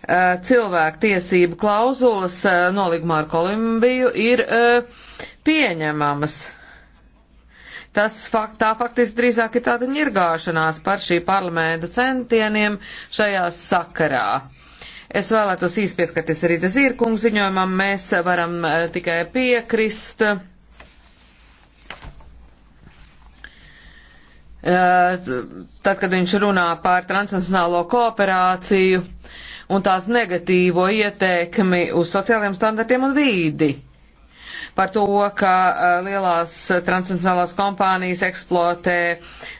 Eh, cilvēku tiesību klauzulas eh, nolīgumā ar Kolumbiju ir eh, pieņemamas. Tas fakt, tā faktiski drīzāk ir tāda ņirgāšanās par šī parlamenta centieniem šajā sakarā. Es vēlētos īsti pieskarties arī Dezirkungu ziņojumam, mēs varam tikai piekrist. Tad, kad viņš runā par transnacionālo kooperāciju, un tās negatīvo ietekmi uz sociālajiem standartiem un vīdi. Par to, ka uh, lielās eh, transnacionālās kompānijas eksploatē uh,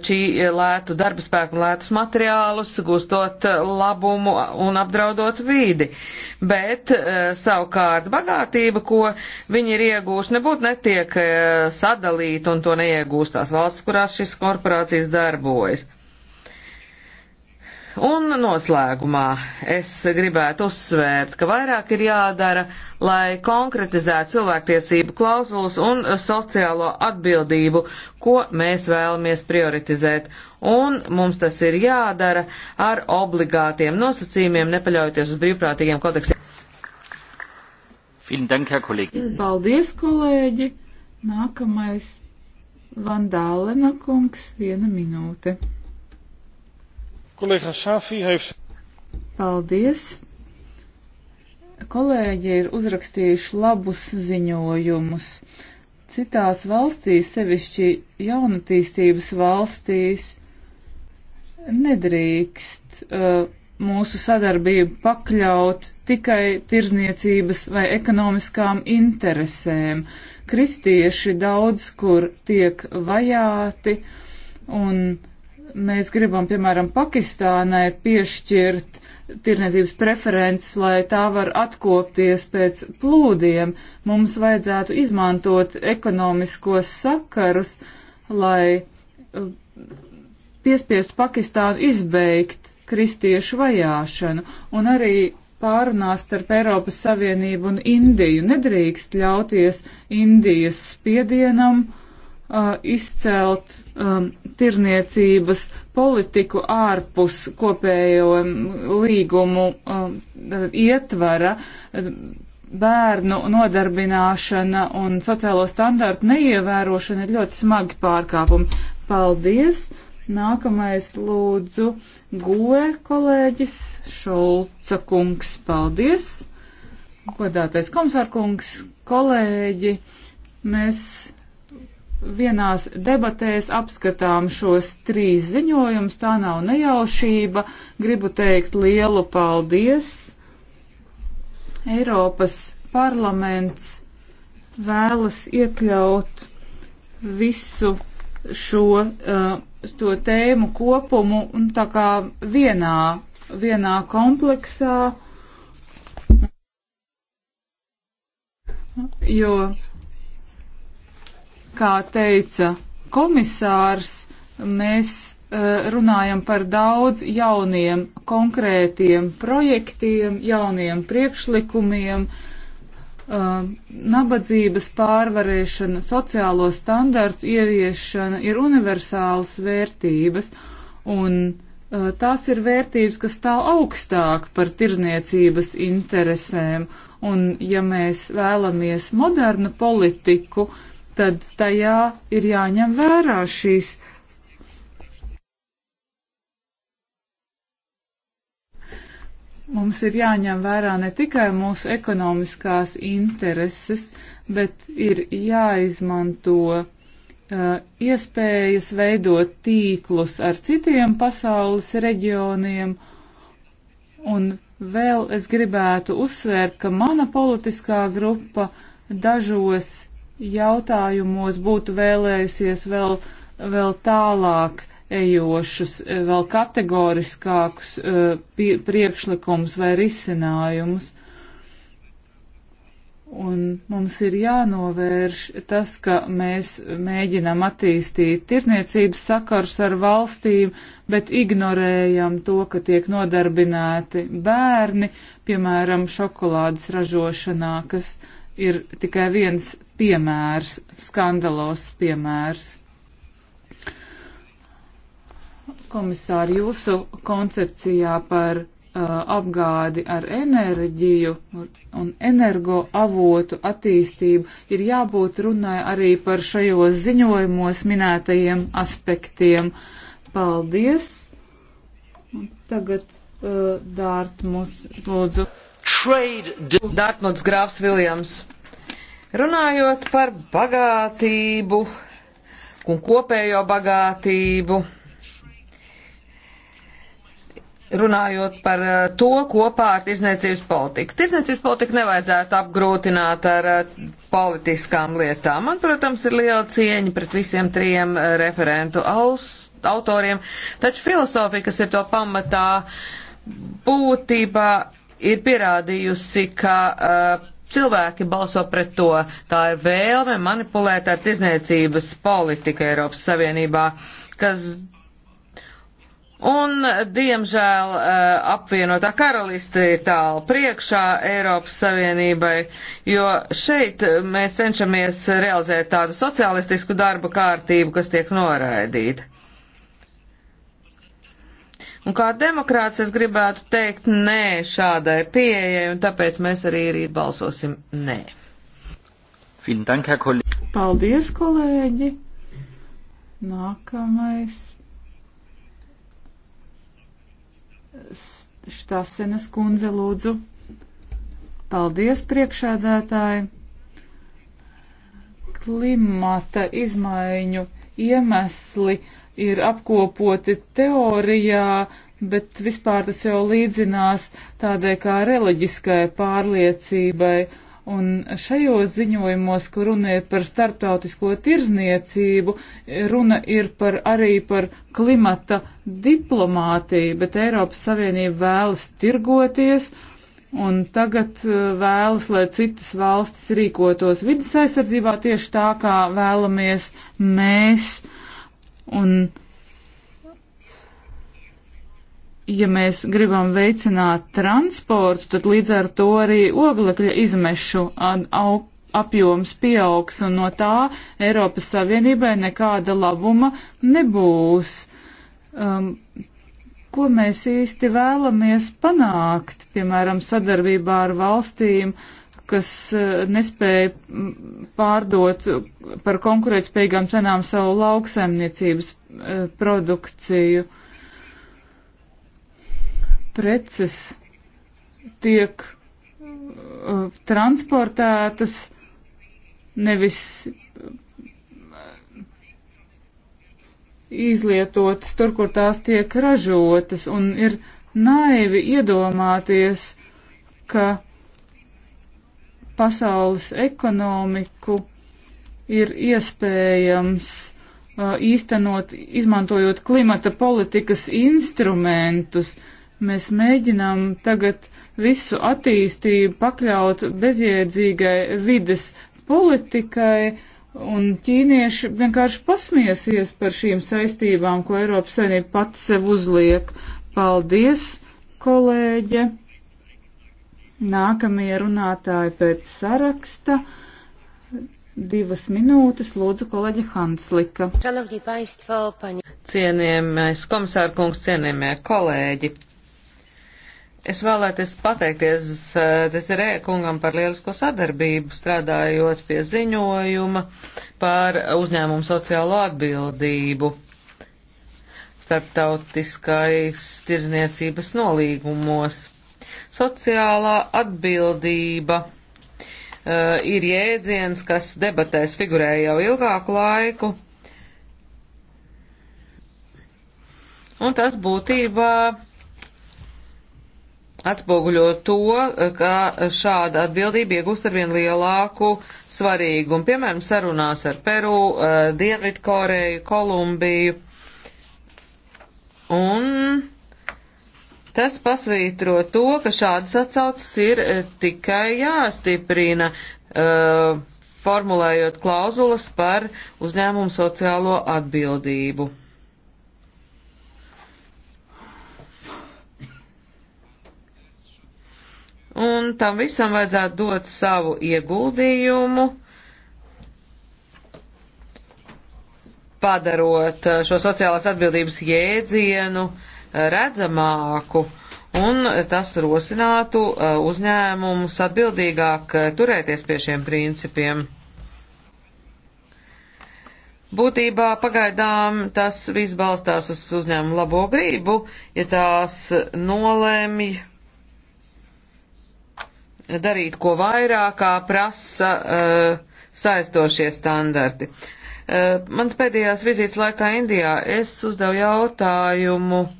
šī lētu darba spēku un lētus materiālus, gūstot labumu un apdraudot vīdi. Bet uh, savukārt bagātība, ko viņi ir iegūši, nebūtu netiek sadalīta un to neiegūstās valsts, kurās šīs korporācijas darbojas. Un noslēgumā es gribētu uzsvērt, ka vairāk ir jādara, lai konkretizētu cilvēktiesību klauzulas un sociālo atbildību, ko mēs vēlamies prioritizēt. Un mums tas ir jādara ar obligātiem nosacījumiem, nepaļaujoties uz brīvprātīgiem kodeksiem. Paldies, kolēģi! Nākamais Vandālena kungs, viena minūte. Collega Safi heeft. Paldies! Kolēģi ir uzrakstījuši labus ziņojumus. Citās valstīs, sevišķi jaunatīstības valstīs, nedrīkst uh, mūsu sadarbību pakļaut tikai tirzniecības vai ekonomiskām interesēm. Kristieši daudz kur tiek vajāti un uh, Mēs gribam, piemēram, Pakistānai piešķirt tirnedzības preferences, lai tā var atkopties pēc plūdiem. Mums vajadzētu izmantot ekonomiskos sakarus, lai uh, piespiestu Pakistānu izbeigt kristiešu vajāšanu un arī pārunās starp Eiropas Savienību un Indiju. Nedrīkst ļauties Indijas spiedienam uh, uh, izcelt um, tirniecības politiku ārpus kopējo um, līgumu um, ietvara. Um, bērnu nodarbināšana un sociālo standārtu neievērošana ir ļoti smagi pārkāpumi. Paldies! Nākamais lūdzu goe kolēģis Šolca kungs. Paldies! Godātais komisārkungs, kolēģi, mēs vienās debatēs apskatām šos trīs ziņojumus. Tā nav nejaušība. Gribu teikt lielu paldies. Eiropas parlaments vēlas iekļaut visu šo uh, tēmu kopumu un tā kā vienā, vienā kompleksā, jo Kā teica komisārs, mēs eh, runājam par daudz jauniem konkrētiem projektiem, jauniem priekšlikumiem, eh, nabadzības pārvarēšana, sociālo standartu ieviešana ir universālas vērtības, un eh, tās ir vērtības, kas stāv augstāk par tirzniecības interesēm, un ja mēs vēlamies modernu politiku, uh, tad tajā ir jāņem vērā šīs. Mums ir jāņem vērā ne tikai mūsu ekonomiskās intereses, bet ir jāizmanto uh, iespējas veidot tīklus ar citiem pasaules reģioniem. Un vēl es gribētu uzsvērt, ka mana politiskā grupa dažos jautājumos būtu vēlējusies vēl, vēl tālāk ejošus, vēl kategoriskākus eh, pie, priekšlikumus vai risinājumus. Un mums ir jānovērš tas, ka mēs mēģinam attīstīt tirniecības sakars ar valstīm, bet ignorējam to, ka tiek nodarbināti bērni, piemēram, šokolādes ražošanā, kas ir tikai viens piemērs, skandalos piemērs. Komisāri, jūsu koncepcijā par uh, apgādi ar enerģiju un energo avotu attīstību ir jābūt runai arī par šajos ziņojumos minētajiem aspektiem. Paldies! Un tagad uh, Dārtmus, lūdzu. Dārtmuts Grāfs Viljams. Runājot par bagātību un kopējo bagātību, runājot par eh, to kopā ar tirzniecības politiku. Tirzniecības politiku nevajadzētu apgrūtināt ar eh, politiskām lietām. Man, protams, ir liela cieņa pret visiem trijiem eh, referentu autoriem, taču filozofija, kas ir to pamatā, būtībā ir pierādījusi, ka uh, cilvēki balso pret to. Tā ir vēlme manipulēt ar tirzniecības politiku Eiropas Savienībā, kas. Un, diemžēl, eh, apvienotā karaliste ir tālu priekšā Eiropas Savienībai, jo šeit mēs cenšamies realizēt tādu socialistisku darba kārtību, kas tiek noraidīta. Un kā demokrāts es gribētu teikt nē šādai pieejai, un tāpēc mēs arī rīt balsosim nē. Paldies, kolēģi! Nākamais. Štasenes kundze lūdzu. Paldies, priekšādātāji! Klimata izmaiņu iemesli ir apkopoti teorijā, bet vispār tas jau līdzinās tādai kā reliģiskai pārliecībai. Un šajos ziņojumos, kur runa ir par starptautisko tirzniecību, runa ir par, arī par klimata diplomātiju, bet Eiropas Savienība vēlas tirgoties un tagad uh, vēlas, lai citas valstis rīkotos vidas aizsardzībā tieši tā, kā vēlamies mēs. Uh, Un, ja mēs gribam veicināt transportu, tad līdz ar to arī oglekļa izmešu apjoms pieaugs, un no tā Eiropas Savienībai nekāda labuma nebūs. Um, ko mēs īsti vēlamies panākt, piemēram, sadarbībā ar valstīm, uh, kas eh, nespēja mm, pārdot par konkurētspējīgām cenām savu lauksaimniecības eh, produkciju. Preces tiek eh, transportētas nevis izlietotas tur, kur tās tiek ražotas, un ir naivi iedomāties, ka pasaules ekonomiku ir iespējams uh, īstenot, izmantojot klimata politikas instrumentus. Mēs mēģinām tagad visu attīstību pakļaut bezjēdzīgai vides politikai, un ķīnieši vienkārši pasmiesies par šīm saistībām, ko Eiropas Savienība pats sev uzliek. Paldies, kolēģe! Nākamie runātāji pēc saraksta. Divas minūtes, lūdzu, kolēģi Hanslika. Cienījamais komisārkungs, cienījamie kolēģi. Es vēlētos pateikties eh, Desirē kungam par lielisko sadarbību, strādājot pie ziņojuma par uzņēmumu sociālo atbildību starptautiskais tirzniecības nolīgumos. Sociālā atbildība eh, ir jēdziens, kas debatēs figurēja jau ilgāku laiku. Un tas būtībā atspoguļo to, ka šāda atbildība iegūst ar vien lielāku svarīgumu. Piemēram, sarunās ar Peru, eh, Dienvidkoreju, Kolumbiju. Un Tas pasvītro to, ka šādas atsauces ir e, tikai jāstiprina, e, formulējot klauzulas par uzņēmumu sociālo atbildību. un tam visam vajadzētu dot savu ieguldījumu, padarot e, šo sociālās atbildības jēdzienu redzamāku un tas rosinātu e, uzņēmumus atbildīgāk e, turēties pie šiem principiem. Būtībā pagaidām tas viss balstās uz uzņēmumu labo grību, ja tās nolēmj darīt ko vairāk, kā prasa uh, saistošie standarti. Uh, mans pēdējās vizītes laikā Indijā es uzdevu jautājumu uh,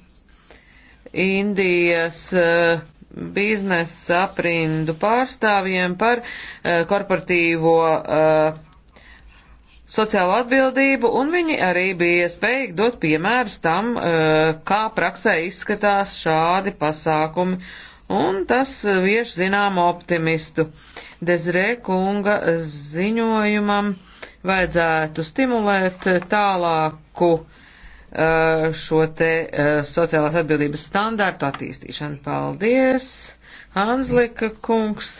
Indijas eh, biznesa aprindu pārstāvjiem par eh, korporatīvo eh, sociālo atbildību, un viņi arī bija spējīgi dot piemērus tam, kā praksē izskatās šādi pasākumi, un tas vieš zinām optimistu. Dezrē kunga ziņojumam vajadzētu stimulēt tālāku Uh, šo te uh, sociālās atbildības standārtu attīstīšanu. Paldies, Hanslika kungs.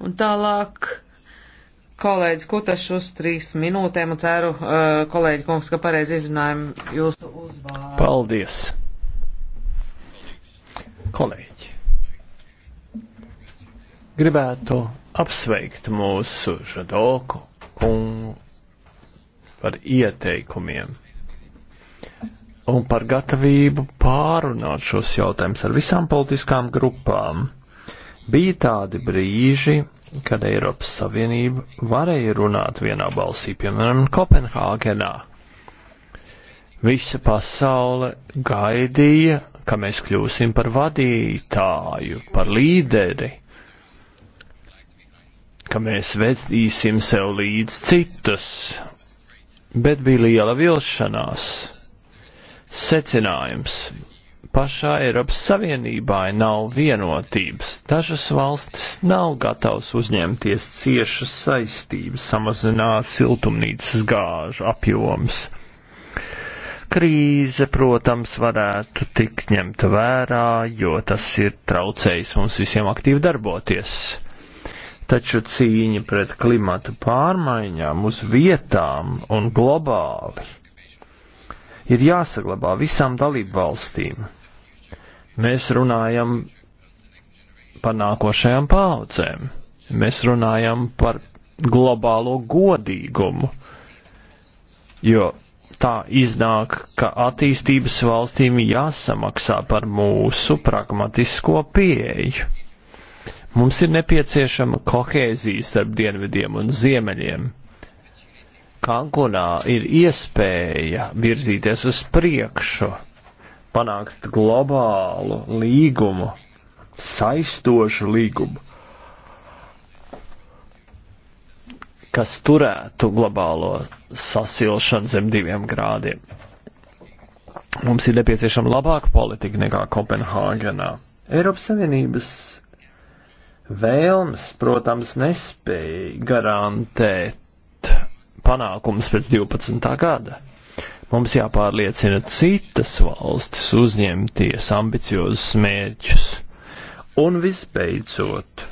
Un tālāk kolēģis Kutašs uz trīs minūtēm un ceru, uh, kolēģi kungs, ka pareizi izrunājam jūsu uzvārdu. Paldies. Kolēģi. Gribētu apsveikt mūsu žadoku kungu par ieteikumiem un par gatavību pārunāt šos jautājumus ar visām politiskām grupām. Bija tādi brīži, kad Eiropas Savienība varēja runāt vienā balsī, piemēram, Kopenhāgenā. Visa pasaule gaidīja, ka mēs kļūsim par vadītāju, par līderi, ka mēs vedīsim sev līdz citus, bet bija liela vilšanās Secinājums. Pašā Eiropas Savienībā nav vienotības. Dažas valstis nav gatavas uzņemties ciešas saistības, samazināt siltumnīcas gāžu apjoms. Krīze, protams, varētu tikt ņemta vērā, jo tas ir traucējis mums visiem aktīvi darboties taču cīņa pret klimata pārmaiņām uz vietām un globāli ir jāsaglabā visām dalību valstīm. Mēs runājam par nākošajām paudzēm. Mēs runājam par globālo godīgumu, jo tā iznāk, ka attīstības valstīm jāsamaksā par mūsu pragmatisko pieeju. Mums ir nepieciešama kohēzija starp dienvidiem un ziemeļiem. Kankunā ir iespēja virzīties uz priekšu, panākt globālu līgumu, saistošu līgumu, kas turētu globālo sasilšanu zem diviem grādiem. Mums ir nepieciešama labāka politika nekā Kopenhāgenā. Eiropas Savienības vēlmes, protams, nespēja garantēt panākums pēc 12. gada. Mums jāpārliecina citas valstis uzņemties ambiciozus mērķus. Un visbeidzot,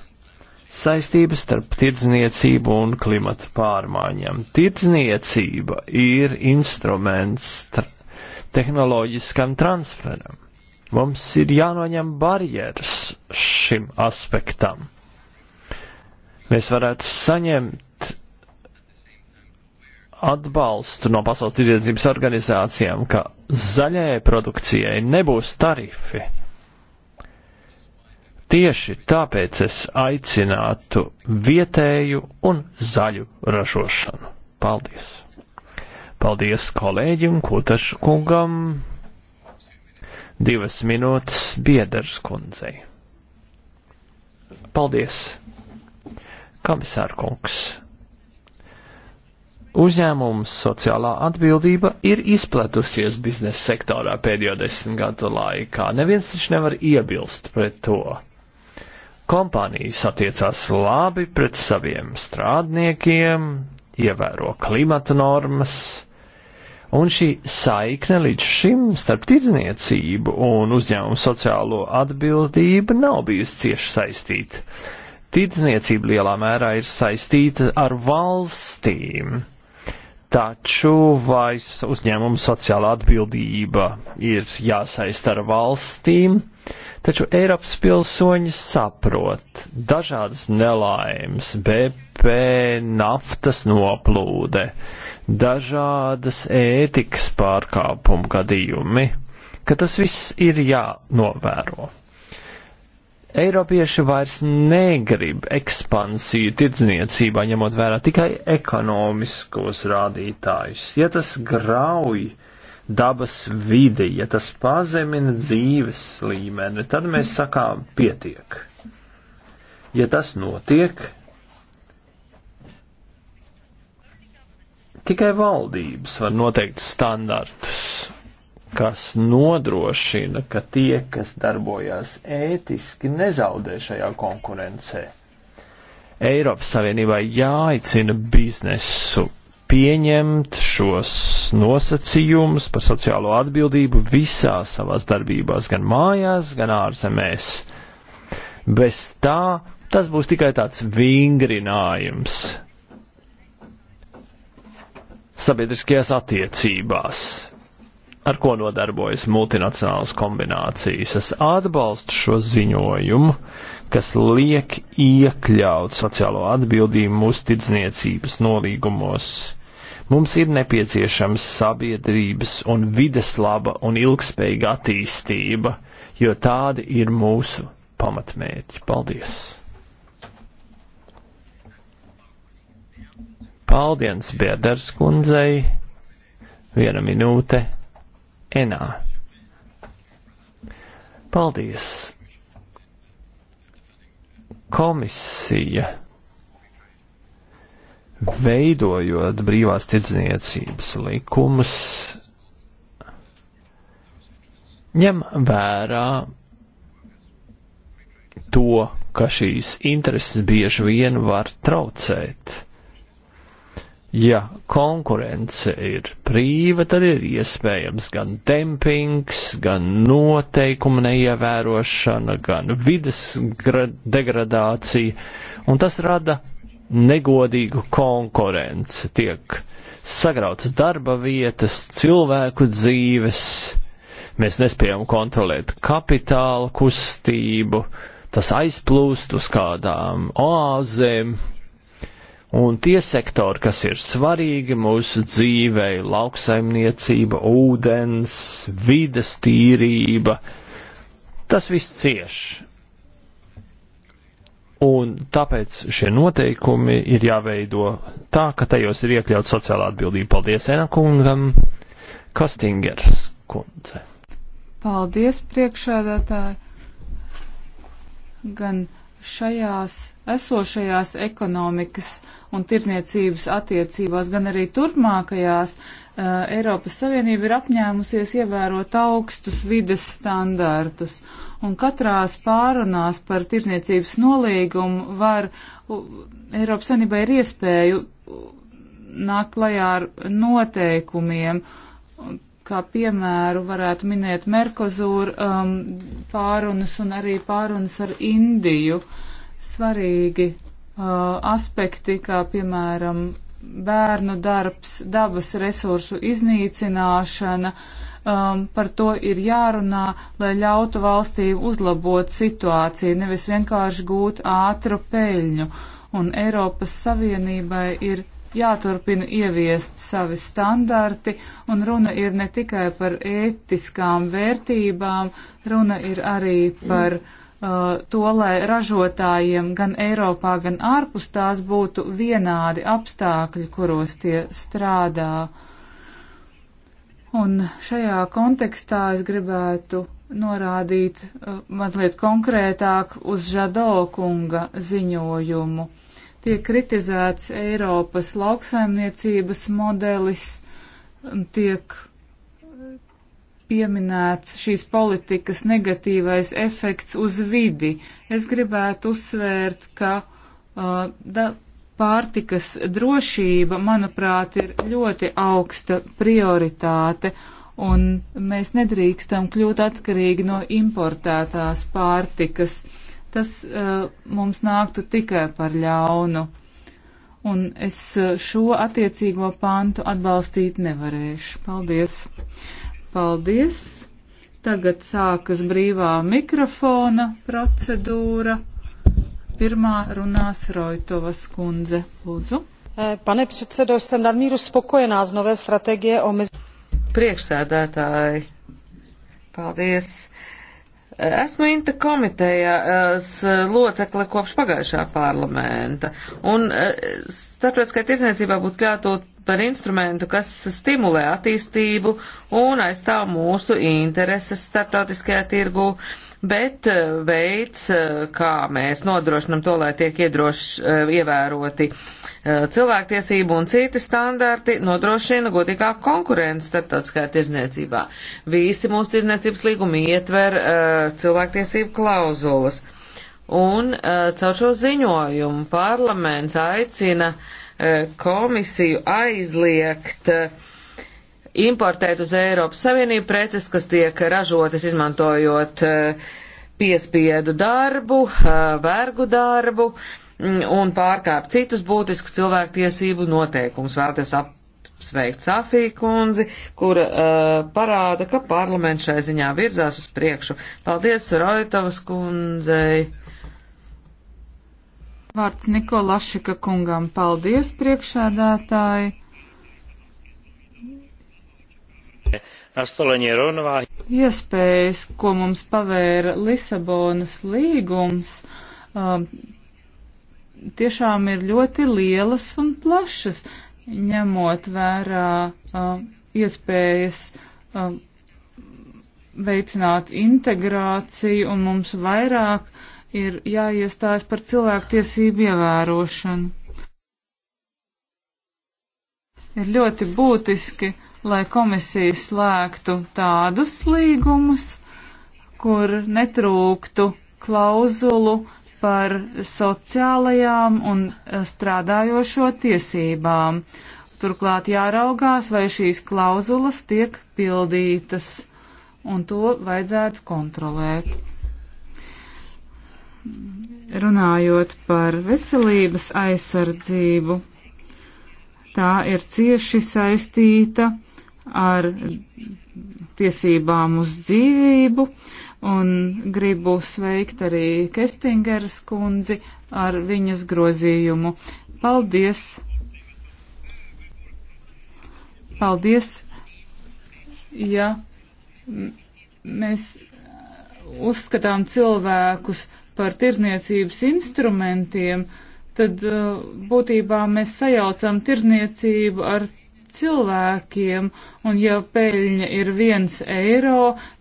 saistības starp tirdzniecību un klimata pārmaiņām. Tirdzniecība ir instruments tehnoloģiskam transferam. Mums ir jānoņem barjeras šim aspektam. Mēs varētu saņemt atbalstu no pasaules tirdzniecības organizācijām, ka zaļajai produkcijai nebūs tarifi. Tieši tāpēc es aicinātu vietēju un zaļu ražošanu. Paldies! Paldies kolēģim Kutašu kungam! Divas minūtes biedars kundzei. Paldies! Komisār kungs! uzņēmumu sociālā atbildība ir izplatusies biznesa sektorā pēdējo desmit gadu laikā. Neviens taču nevar iebilst pret to. Kompānijas attiecās labi pret saviem strādniekiem, ievēro klimata normas, un šī saikne līdz šim starp tirdzniecību un uzņēmumu sociālo atbildību nav bijusi cieši saistīta. Tirdzniecība lielā mērā ir saistīta ar valstīm, Taču vairs uzņēmuma sociālā atbildība ir jāsaista ar valstīm, taču Eiropas pilsoņi saprot dažādas nelaimes, BP, naftas noplūde, dažādas ētikas pārkāpumu gadījumi, ka tas viss ir jānovēro. Eiropieši vairs negrib ekspansiju tirdzniecībā, ņemot vērā tikai ekonomiskos rādītājus. Ja tas grauj dabas vidi, ja tas pazemina dzīves līmeni, tad mēs sakām pietiek. Ja tas notiek, tikai valdības var noteikt standartus kas nodrošina, ka tie, kas darbojās ētiski, nezaudē šajā konkurencē. Eiropas Savienībai jāicina biznesu pieņemt šos nosacījumus par sociālo atbildību visās savās darbībās, gan mājās, gan ārzemēs. Bez tā tas būs tikai tāds vingrinājums sabiedriskajās attiecībās ar ko nodarbojas multinacionālas kombinācijas. Es atbalstu šo ziņojumu, kas liek iekļaut sociālo atbildību mūsu tirdzniecības nolīgumos. Mums ir nepieciešams sabiedrības un vides laba un ilgspējīga attīstība, jo tādi ir mūsu pamatmērķi. Paldies! Paldies, Biedars kundzei! Viena minūte. 1. Paldies! Komisija veidojot brīvās tirdzniecības likumus, ņem vērā to, ka šīs intereses bieži vien var traucēt Ja konkurence ir brīva, tad ir iespējams gan dempings, gan noteikuma neievērošana, gan vidas degradācija, un tas rada negodīgu konkurenci. Tiek sagrauts darba vietas, cilvēku dzīves, mēs nespējam kontrolēt kapitāla kustību, tas aizplūst uz kādām oāzēm Un tie sektori, kas ir svarīgi mūsu dzīvei - lauksaimniecība, ūdens, vides tīrība, tas viss cieš. Un tāpēc šie noteikumi ir jāveido tā, ka tajos ir iekļaut sociālā atbildība. Paldies Enakungam, Kastingers kundze. Paldies priekšēdētāji. Gan šajās esošajās ekonomikas un tirdzniecības attiecībās, gan arī turpmākajās uh, Eiropas Savienība ir apņēmusies ievērot augstus vides standartus. Un katrās pārunās par tirdzniecības nolīgumu var uh, Eiropas Savienībai ir iespēju nākt klajā ar noteikumiem Kā piemēru varētu minēt Merkozūru um, pārunas un arī pārunas ar Indiju. Svarīgi uh, aspekti, kā piemēram bērnu darbs, dabas resursu iznīcināšana. Um, par to ir jārunā, lai ļautu valstīm uzlabot situāciju, nevis vienkārši gūt ātru peļņu. Un Eiropas Savienībai ir jāturpina ieviest savi standarti, un runa ir ne tikai par ētiskām vērtībām, runa ir arī par uh, to, lai ražotājiem gan Eiropā, gan ārpus tās būtu vienādi apstākļi, kuros tie strādā. Un šajā kontekstā es gribētu norādīt uh, mazliet konkrētāk uz Žado kunga ziņojumu tiek kritizēts Eiropas lauksaimniecības modelis, tiek pieminēts šīs politikas negatīvais efekts uz vidi. Es gribētu uzsvērt, ka uh, da, pārtikas drošība, manuprāt, ir ļoti augsta prioritāte, un mēs nedrīkstam kļūt atkarīgi no importētās pārtikas. Uh, tas uh, mums nāktu tikai par ļaunu. Un es eh, šo attiecīgo pantu atbalstīt nevarēšu. Paldies! Paldies! Tagad sākas brīvā mikrofona procedūra. Pirmā runās Roitovas kundze. Lūdzu. Eh, pane předsedo, jsem nadmíru spokojená z nové strategie o mezi... Priekšsēdētāji, paldies. Uh, Esmu Inta komitejas eh, locekle kopš pagājušā parlamenta, un eh, starptautiskai tirsniecībā būtu jātūt par instrumentu, kas stimulē attīstību un aizstāv mūsu intereses starptautiskajā tirgū. Uh, bet eh, veids, eh, kā mēs nodrošinam to, lai tiek iedroš, eh, ievēroti cilvēktiesību un citi standarti, nodrošina godīgā konkurence starptautiskajā tirzniecībā. Visi mūsu tirzniecības līgumi ietver cilvēktiesību klauzulas. Un caur šo ziņojumu parlaments aicina komisiju aizliegt uh, importēt uz Eiropas Savienību preces, kas tiek ražotas izmantojot eh, piespiedu darbu, eh, vergu darbu mm, un pārkāpt citus būtiskus cilvēktiesību noteikumus. Vēlties apsveikt Safiju kundzi, kura uh, parāda, ka parlaments šai ziņā virzās uz priekšu. Paldies Roitovas kundzei. Vārds Nikolašika kungam paldies priekšēdētāji. nastolenie rovnováhy. Iespējas, ko mums pavēra Lisabonas līgums, um, tiešām ir ļoti lielas un plašas, ņemot vērā um, iespējas um, veicināt integrāciju un mums vairāk ir jāiestājas par cilvēktiesību ievērošanu. Ir ļoti būtiski lai komisija slēgtu tādus līgumus, kur netrūktu klauzulu par sociālajām un eh, strādājošo tiesībām. Turklāt jāraugās, vai šīs klauzulas tiek pildītas, un to vajadzētu kontrolēt. Runājot par veselības aizsardzību, tā ir cieši saistīta ar ar tiesībām uz dzīvību un gribu sveikt arī Kestingeras kundzi ar viņas grozījumu. Paldies! Paldies! Ja mēs uzskatām cilvēkus par tirzniecības instrumentiem, tad uh, būtībā mēs sajaucam tirzniecību ar cilvēkiem, un ja peļņa ir viens eiro,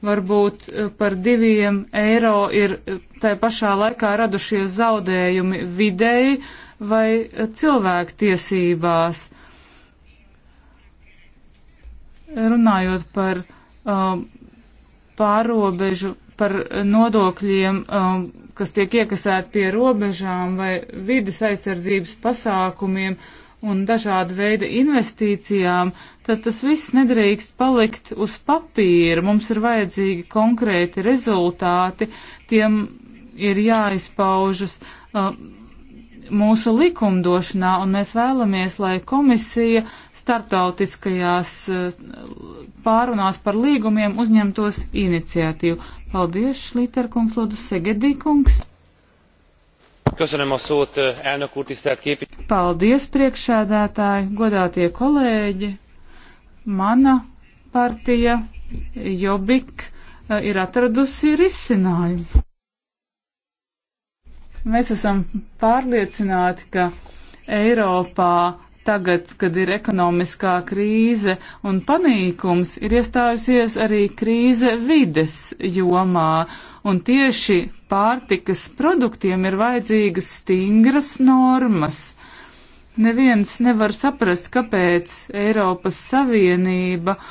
varbūt eh, par diviem eiro ir eh, tai pašā laikā radušies zaudējumi videi vai eh, cilvēktiesībās. Runājot par um, pārobežu, par nodokļiem, um, kas tiek iekasēti pie robežām vai vidas aizsardzības pasākumiem, uh, un dažāda veida investīcijām, tad tas viss nedrīkst palikt uz papīra. Mums ir vajadzīgi konkrēti rezultāti, tiem ir jāizpaužas uh, mūsu likumdošanā, un mēs vēlamies, lai komisija starptautiskajās uh, pārunās par līgumiem uzņemtos iniciatīvu. Paldies, Šlīterkungs, Lodus Segedīkungs! Paldies, priekšsēdētāji, godātie kolēģi. Mana partija Jobik ir atradusi risinājumu. Mēs esam pārliecināti, ka Eiropā Tagad, kad ir ekonomiskā krīze un panīkums, ir iestājusies arī krīze vides jomā, un tieši pārtikas produktiem ir vajadzīgas stingras normas. Neviens nevar saprast, kāpēc Eiropas Savienība eh,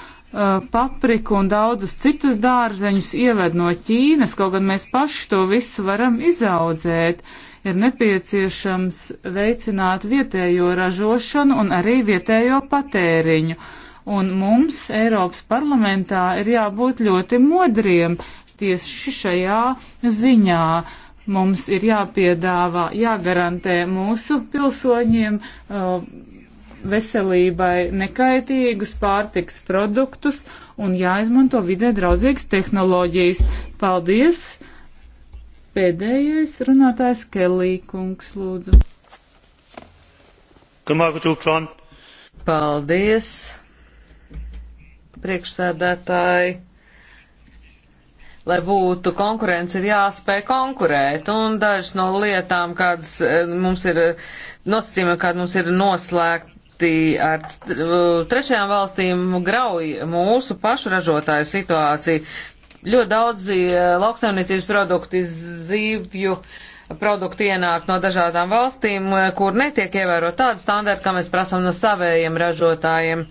papriku un daudzus citus dārzeņus ieved no Ķīnas, kaut gan mēs paši to visu varam izaudzēt. Uh, ir nepieciešams veicināt vietējo ražošanu un arī vietējo patēriņu. Un mums Eiropas parlamentā ir jābūt ļoti modriem tieši šajā ziņā. Mums ir jāpiedāvā, jāgarantē mūsu pilsoņiem uh, veselībai nekaitīgus pārtiks produktus un jāizmanto vidē draudzīgas tehnoloģijas. Paldies! Pēdējais runātājs Kelī kungs, lūdzu. Paldies, priekšsēdētāji. Lai būtu konkurence, ir jāspēj konkurēt, un dažas no lietām, kādas eh, mums ir, nosacījumi, kāda mums ir noslēgta, kontakti ar trešajām valstīm grauj mūsu pašu ražotāju situāciju. Ļoti daudzi eh, lauksaimniecības produkti, zīvju produkti ienāk no dažādām valstīm, eh, kur netiek ievērot tādu standartu, kā mēs prasām no savējiem ražotājiem.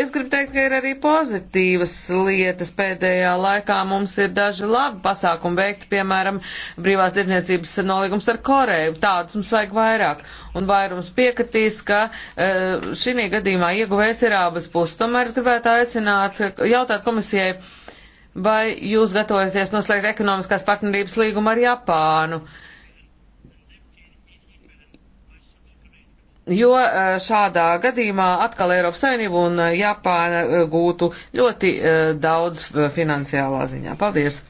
Es gribu teikt, ka ir arī pozitīvas lietas. Pēdējā laikā mums ir daži labi pasākumi veikti, piemēram, brīvās tirdzniecības nolīgums ar Koreju. Tādus mums vajag vairāk. Un vairums piekritīs, ka eh, šī gadījumā ieguvējs ir abas puses. Tomēr es gribētu aicināt, jautāt komisijai, Vai jūs gatavojaties noslēgt ekonomiskās partnerības līgumu ar Japānu? Jo e, šādā gadījumā atkal Eiropas Savienība un e, Japāna e, gūtu ļoti daudz finansiālā ziņā. Paldies!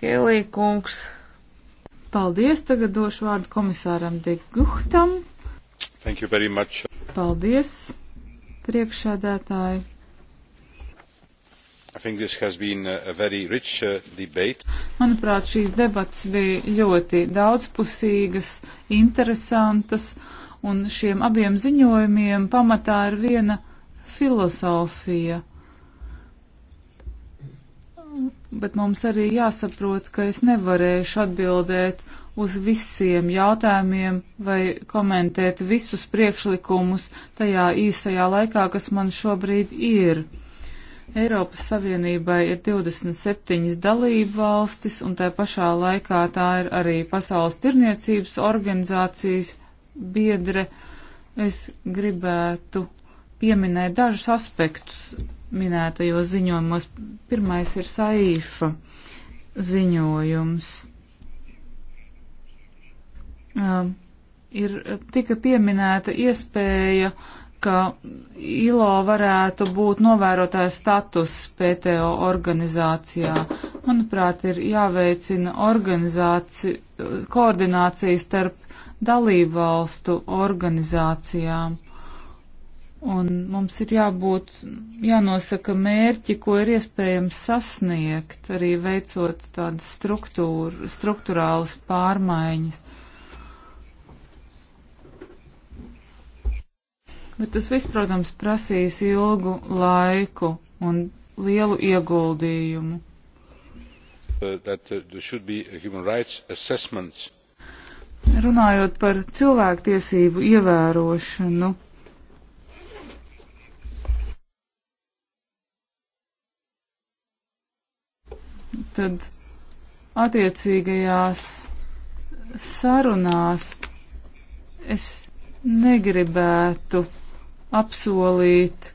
Kēlī kungs. Paldies, tagad došu vārdu komisāram De Guhtam. Thank you very much. Paldies, priekšsēdētāji. Uh, Manuprāt, šīs debats bija ļoti daudzpusīgas, interesantas, un šiem abiem ziņojumiem pamatā ir viena filozofija. Bet mums arī jāsaprot, ka es nevarēšu atbildēt uz visiem jautājumiem vai komentēt visus priekšlikumus tajā īsajā laikā, kas man šobrīd ir. Eiropas Savienībai ir 27 dalību valstis, un tā pašā laikā tā ir arī Pasaules tirniecības organizācijas biedre. Es gribētu pieminēt dažus aspektus minētajos ziņojumos. Pirmais ir Saifa ziņojums. Um, ir tika pieminēta iespēja uh, ka ILO varētu būt novērotājs status PTO organizācijā. Manuprāt, ir jāveicina koordinācija starp dalībvalstu organizācijām. Un mums ir jābūt, jānosaka mērķi, ko ir iespējams sasniegt, arī veicot tādas struktūrālas pārmaiņas. Bet tas viss, protams, prasīs ilgu laiku un lielu ieguldījumu. Uh, uh, Runājot par cilvēktiesību ievērošanu, tad attiecīgajās sarunās es negribētu apsolīt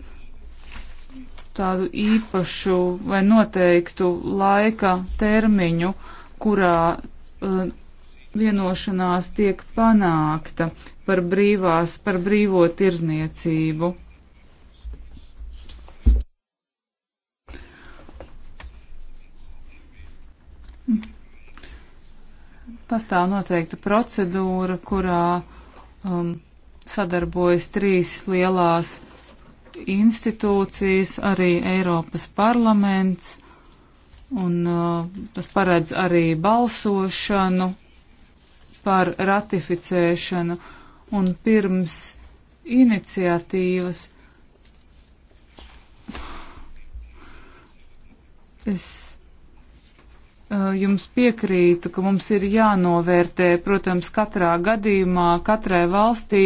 tādu īpašu vai noteiktu laika termiņu, kurā uh, vienošanās tiek panākta par brīvās, par brīvo tirzniecību. Pastāv noteikta procedūra, kurā um, sadarbojas trīs lielās institūcijas, arī Eiropas parlaments, un uh, tas paredz arī balsošanu par ratificēšanu, un pirms iniciatīvas es Eh, jums piekrītu, ka mums ir jānovērtē, protams, katrā gadījumā, katrai valstī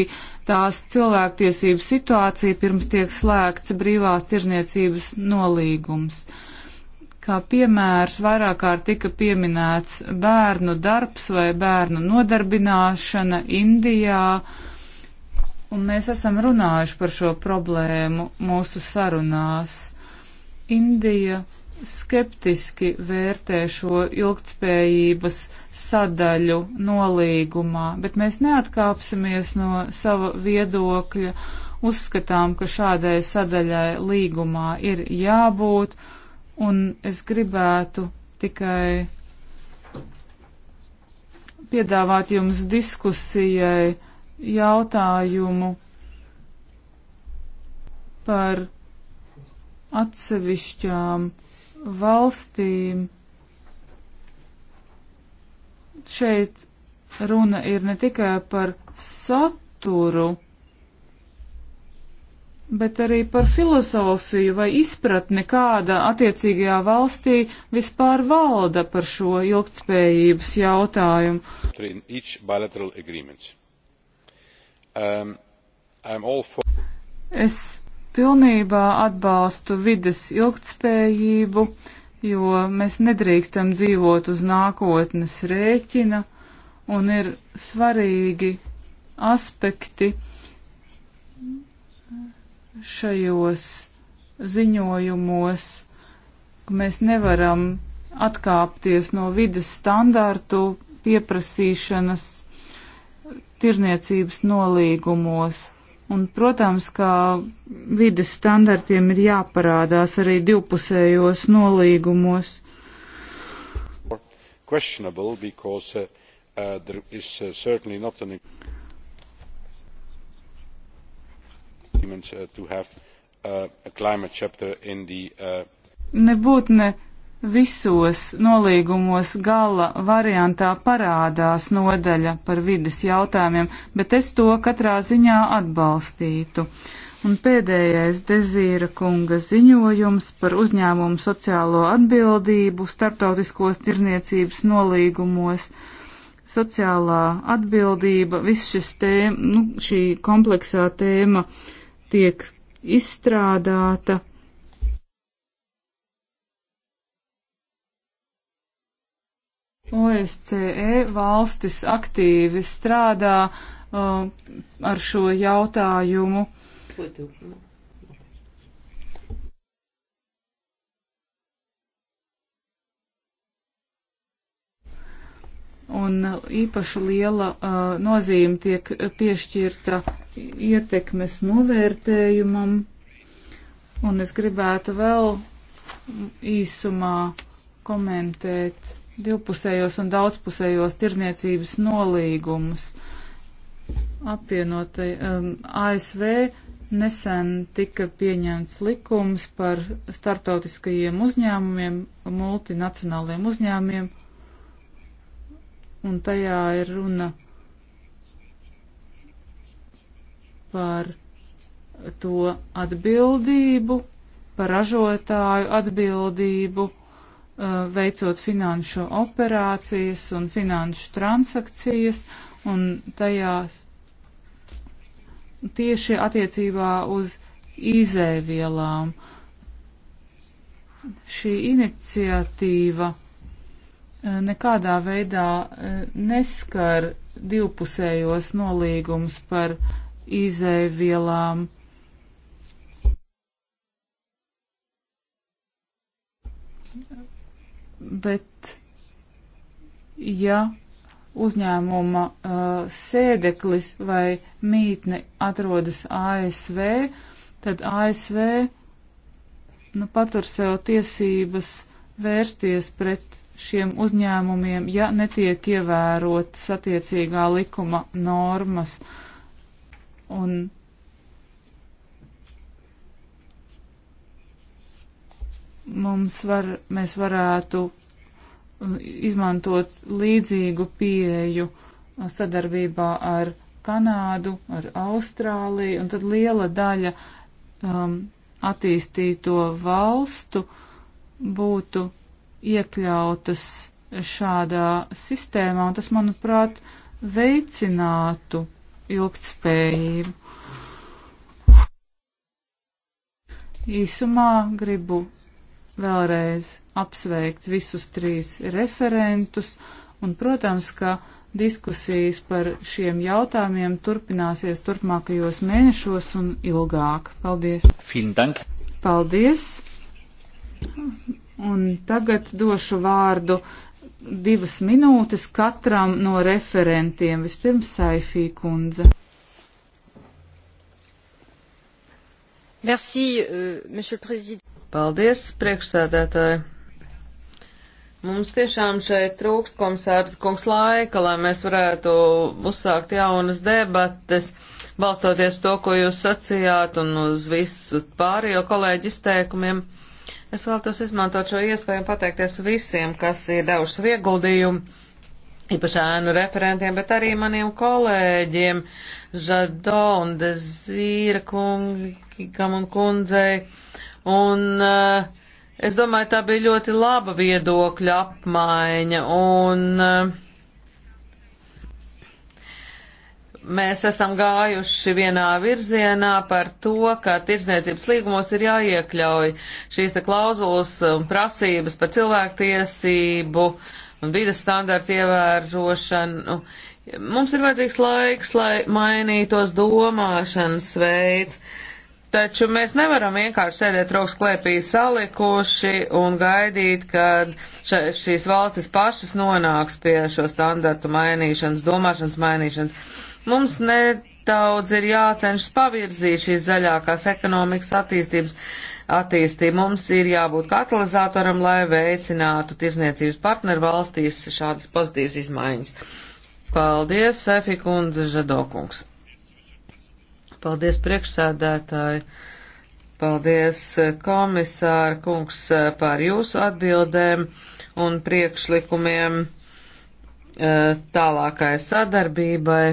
tās cilvēktiesību situācija pirms tiek slēgts brīvās tirzniecības nolīgums. Kā piemērs vairāk kārt tika pieminēts bērnu darbs vai bērnu nodarbināšana Indijā, un mēs esam runājuši par šo problēmu mūsu sarunās. Indija skeptiski vērtē šo ilgtspējības sadaļu nolīgumā, bet mēs neatkāpsimies no sava viedokļa. Uzskatām, ka šādai sadaļai līgumā ir jābūt, un es gribētu tikai piedāvāt jums diskusijai jautājumu par atsevišķām valstīm. Šeit runa ir ne tikai par saturu, bet arī par filozofiju vai izpratni, kāda attiecīgajā valstī vispār valda par šo ilgtspējības jautājumu. Um, for... Es Pilnībā atbalstu vides ilgtspējību, jo mēs nedrīkstam dzīvot uz nākotnes rēķina un ir svarīgi aspekti šajos ziņojumos, ka mēs nevaram atkāpties no vides standārtu pieprasīšanas tirzniecības nolīgumos. Un, protams, kā vides standartiem ir jāparādās arī divpusējos nolīgumos. Because, uh, uh, there is uh, certainly not an agreement uh, to have uh, a climate chapter in the. Uh, Nebūtu ne Visos nolīgumos gala variantā parādās nodaļa par vidas jautājumiem, bet es to katrā ziņā atbalstītu. Un pēdējais Dezīra kunga ziņojums par uzņēmumu sociālo atbildību starptautiskos tirniecības nolīgumos. Sociālā atbildība, viss šis tēma, nu, šī kompleksā tēma tiek izstrādāta OSCE valstis aktīvi strādā uh, ar šo jautājumu. Un uh, īpaši liela uh, nozīme tiek piešķirta ietekmes novērtējumam. Un es gribētu vēl īsumā komentēt divpusējos un daudzpusējos tirniecības nolīgumus. Apvienotai um, ASV nesen tika pieņemts likums par starptautiskajiem uzņēmumiem, multinacionāliem uzņēmumiem, un tajā ir runa par to atbildību, par ražotāju atbildību Uh, veicot finanšu operācijas un finanšu transakcijas, un tajās tieši attiecībā uz izēvielām. Šī iniciatīva uh, nekādā veidā uh, neskar divpusējos nolīgumus par izēvielām bet ja uzņēmuma uh, sēdeklis vai mītne atrodas ASV, tad ASV nu, patur sev tiesības vērsties pret šiem uzņēmumiem, ja netiek ievērotas attiecīgā likuma normas. Un mums var, mēs varētu um, izmantot līdzīgu pieeju uh, sadarbībā ar Kanādu, ar Austrāliju, un tad liela daļa um, attīstīto valstu būtu iekļautas šādā sistēmā, un tas, manuprāt, veicinātu ilgtspējību. Īsumā gribu vēlreiz apsveikt visus trīs referentus un, protams, ka diskusijas par šiem jautājumiem turpināsies turpmākajos mēnešos un ilgāk. Paldies! Dank. Paldies! Un tagad došu vārdu divas minūtes katram no referentiem. Vispirms Saifī kundze. Merci, uh, monsieur le président. Paldies, priekšsēdētāji! Mums tiešām šeit trūkst komisārta kungs laika, lai mēs varētu uzsākt jaunas debates, balstoties to, ko jūs sacījāt, un uz visu pārējo kolēģu izteikumiem. Es vēlētos izmantot šo iespēju pateikties visiem, kas ir devuši ieguldījumu īpaši ēnu referentiem, bet arī maniem kolēģiem, Žado un Dezīra kungam un kundzei, Un uh, es domāju, tā bija ļoti laba viedokļa apmaiņa. Un uh, mēs esam gājuši vienā virzienā par to, ka tirsniecības līgumos ir jāiekļauj šīs te klauzulas un prasības par cilvēktiesību un vidas standartu ievērošanu. Mums ir vajadzīgs laiks, lai mainītos domāšanas veids. Uh, Taču mēs nevaram vienkārši sēdēt rokas klēpī salikuši un gaidīt, kad še, šīs valstis pašas nonāks pie šo standartu mainīšanas, domāšanas mainīšanas. Mums nedaudz ir jācenšas pavirzīt šīs zaļākās ekonomikas attīstības attīstību. Mums ir jābūt katalizatoram, lai veicinātu tirzniecības partneru valstīs šādas pozitīvas izmaiņas. Paldies, Sefi kundze Žadokungs. Paldies priekšsēdētāji. Paldies eh, komisāra kungs eh, par jūsu atbildēm un priekšlikumiem eh, tālākai sadarbībai.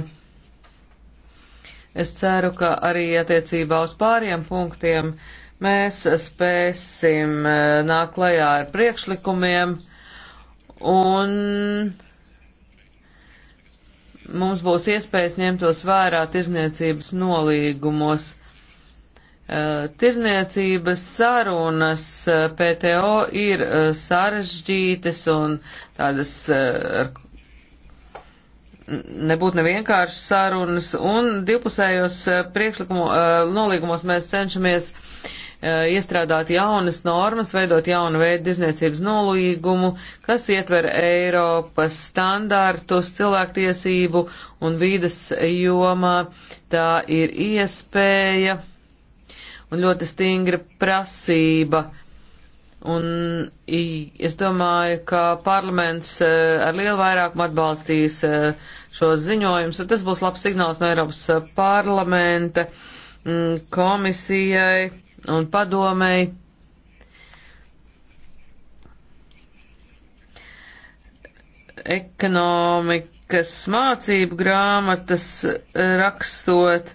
Es ceru, ka arī attiecībā uz pāriem punktiem mēs spēsim nākt klajā ar priekšlikumiem un mums būs iespējas ņemtos vērā tirzniecības nolīgumos. Eh, tirzniecības sarunas eh, PTO ir eh, sarežģītas un tādas nebūtu nevienkāršas sarunas, un divpusējos priekšlikumu nolīgumos mēs cenšamies uh, Eh, iestrādāt jaunas normas, veidot jaunu veidu izniecības nolīgumu, kas ietver Eiropas standārtus cilvēktiesību un vīdas jomā. Tā ir iespēja un ļoti stingra prasība. Un es domāju, ka parlaments eh, ar lielu vairākumu atbalstīs eh, šos ziņojumus, un tas būs labs signāls no Eiropas parlamenta mm, komisijai un padomēji. Ekonomikas mācību grāmatas rakstot,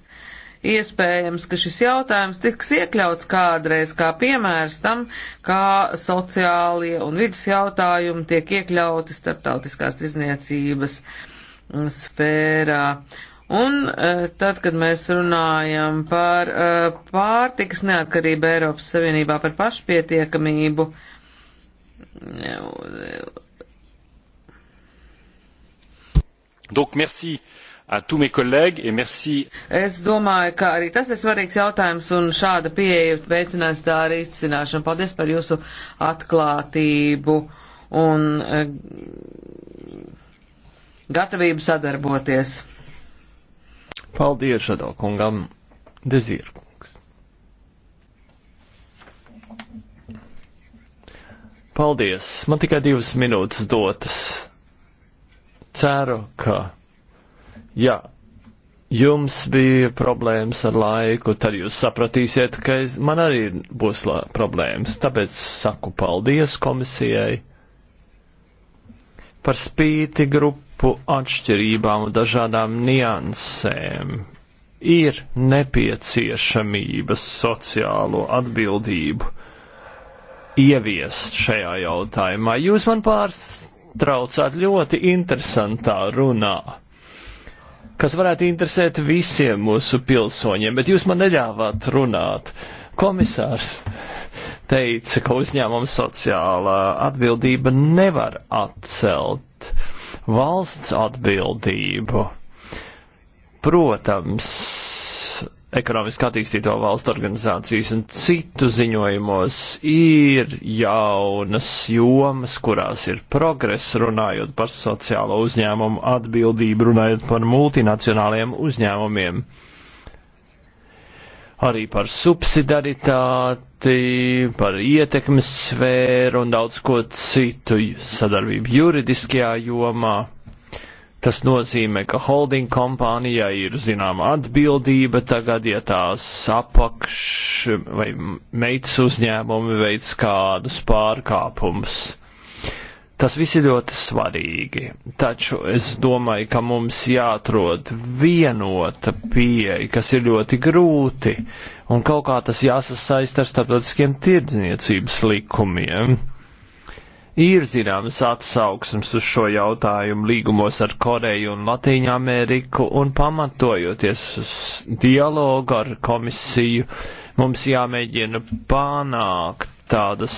iespējams, ka šis jautājums tiks iekļauts kādreiz kā piemērs tam, kā sociālie un vidas jautājumi tiek iekļauti starptautiskās izniecības sfērā. Un e, tad, kad mēs runājam par e, pārtikas neatkarību Eiropas Savienībā, par pašpietiekamību, Donc, merci à tous mes collègues et merci. Es domāju, ka arī tas ir svarīgs jautājums un šāda pieeja veicinās tā arī izcināšanu. Paldies par jūsu atklātību un e, gatavību sadarboties. Paldies Žado kungam, Dezirkungs. Paldies, man tikai divas minūtes dotas. Ceru, ka, ja jums bija problēmas ar laiku, tad jūs sapratīsiet, ka es, man arī būs lā, problēmas. Tāpēc saku paldies komisijai par spīti grupu grupu atšķirībām un dažādām niansēm ir nepieciešamības sociālo atbildību ieviest šajā jautājumā. Jūs man pārstraucāt ļoti interesantā runā, kas varētu interesēt visiem mūsu pilsoņiem, bet jūs man neļāvāt runāt. Komisārs teica, ka uzņēmuma sociālā atbildība nevar atcelt valsts atbildību. Protams, ekonomiski attīstīto valstu organizācijas un citu ziņojumos ir jaunas jomas, kurās ir progress, runājot par sociālo uzņēmumu atbildību, runājot par multinacionāliem uzņēmumiem arī par subsidaritāti, par ietekmes sfēru un daudz ko citu sadarbību juridiskajā jomā. Tas nozīmē, ka holding kompānijai ir zināma atbildība tagad, ja tās apakš vai meitas uzņēmumi veids kādus pārkāpumus Tas viss ir ļoti svarīgi, taču es domāju, ka mums jāatrod vienota pieeja, kas ir ļoti grūti, un kaut kā tas jāsasaist ar starptautiskiem tirdzniecības likumiem. Ir zināmas atsauksmes uz šo jautājumu līgumos ar Koreju un Latīņu Ameriku, un pamatojoties uz dialogu ar komisiju, mums jāmēģina panākt tādas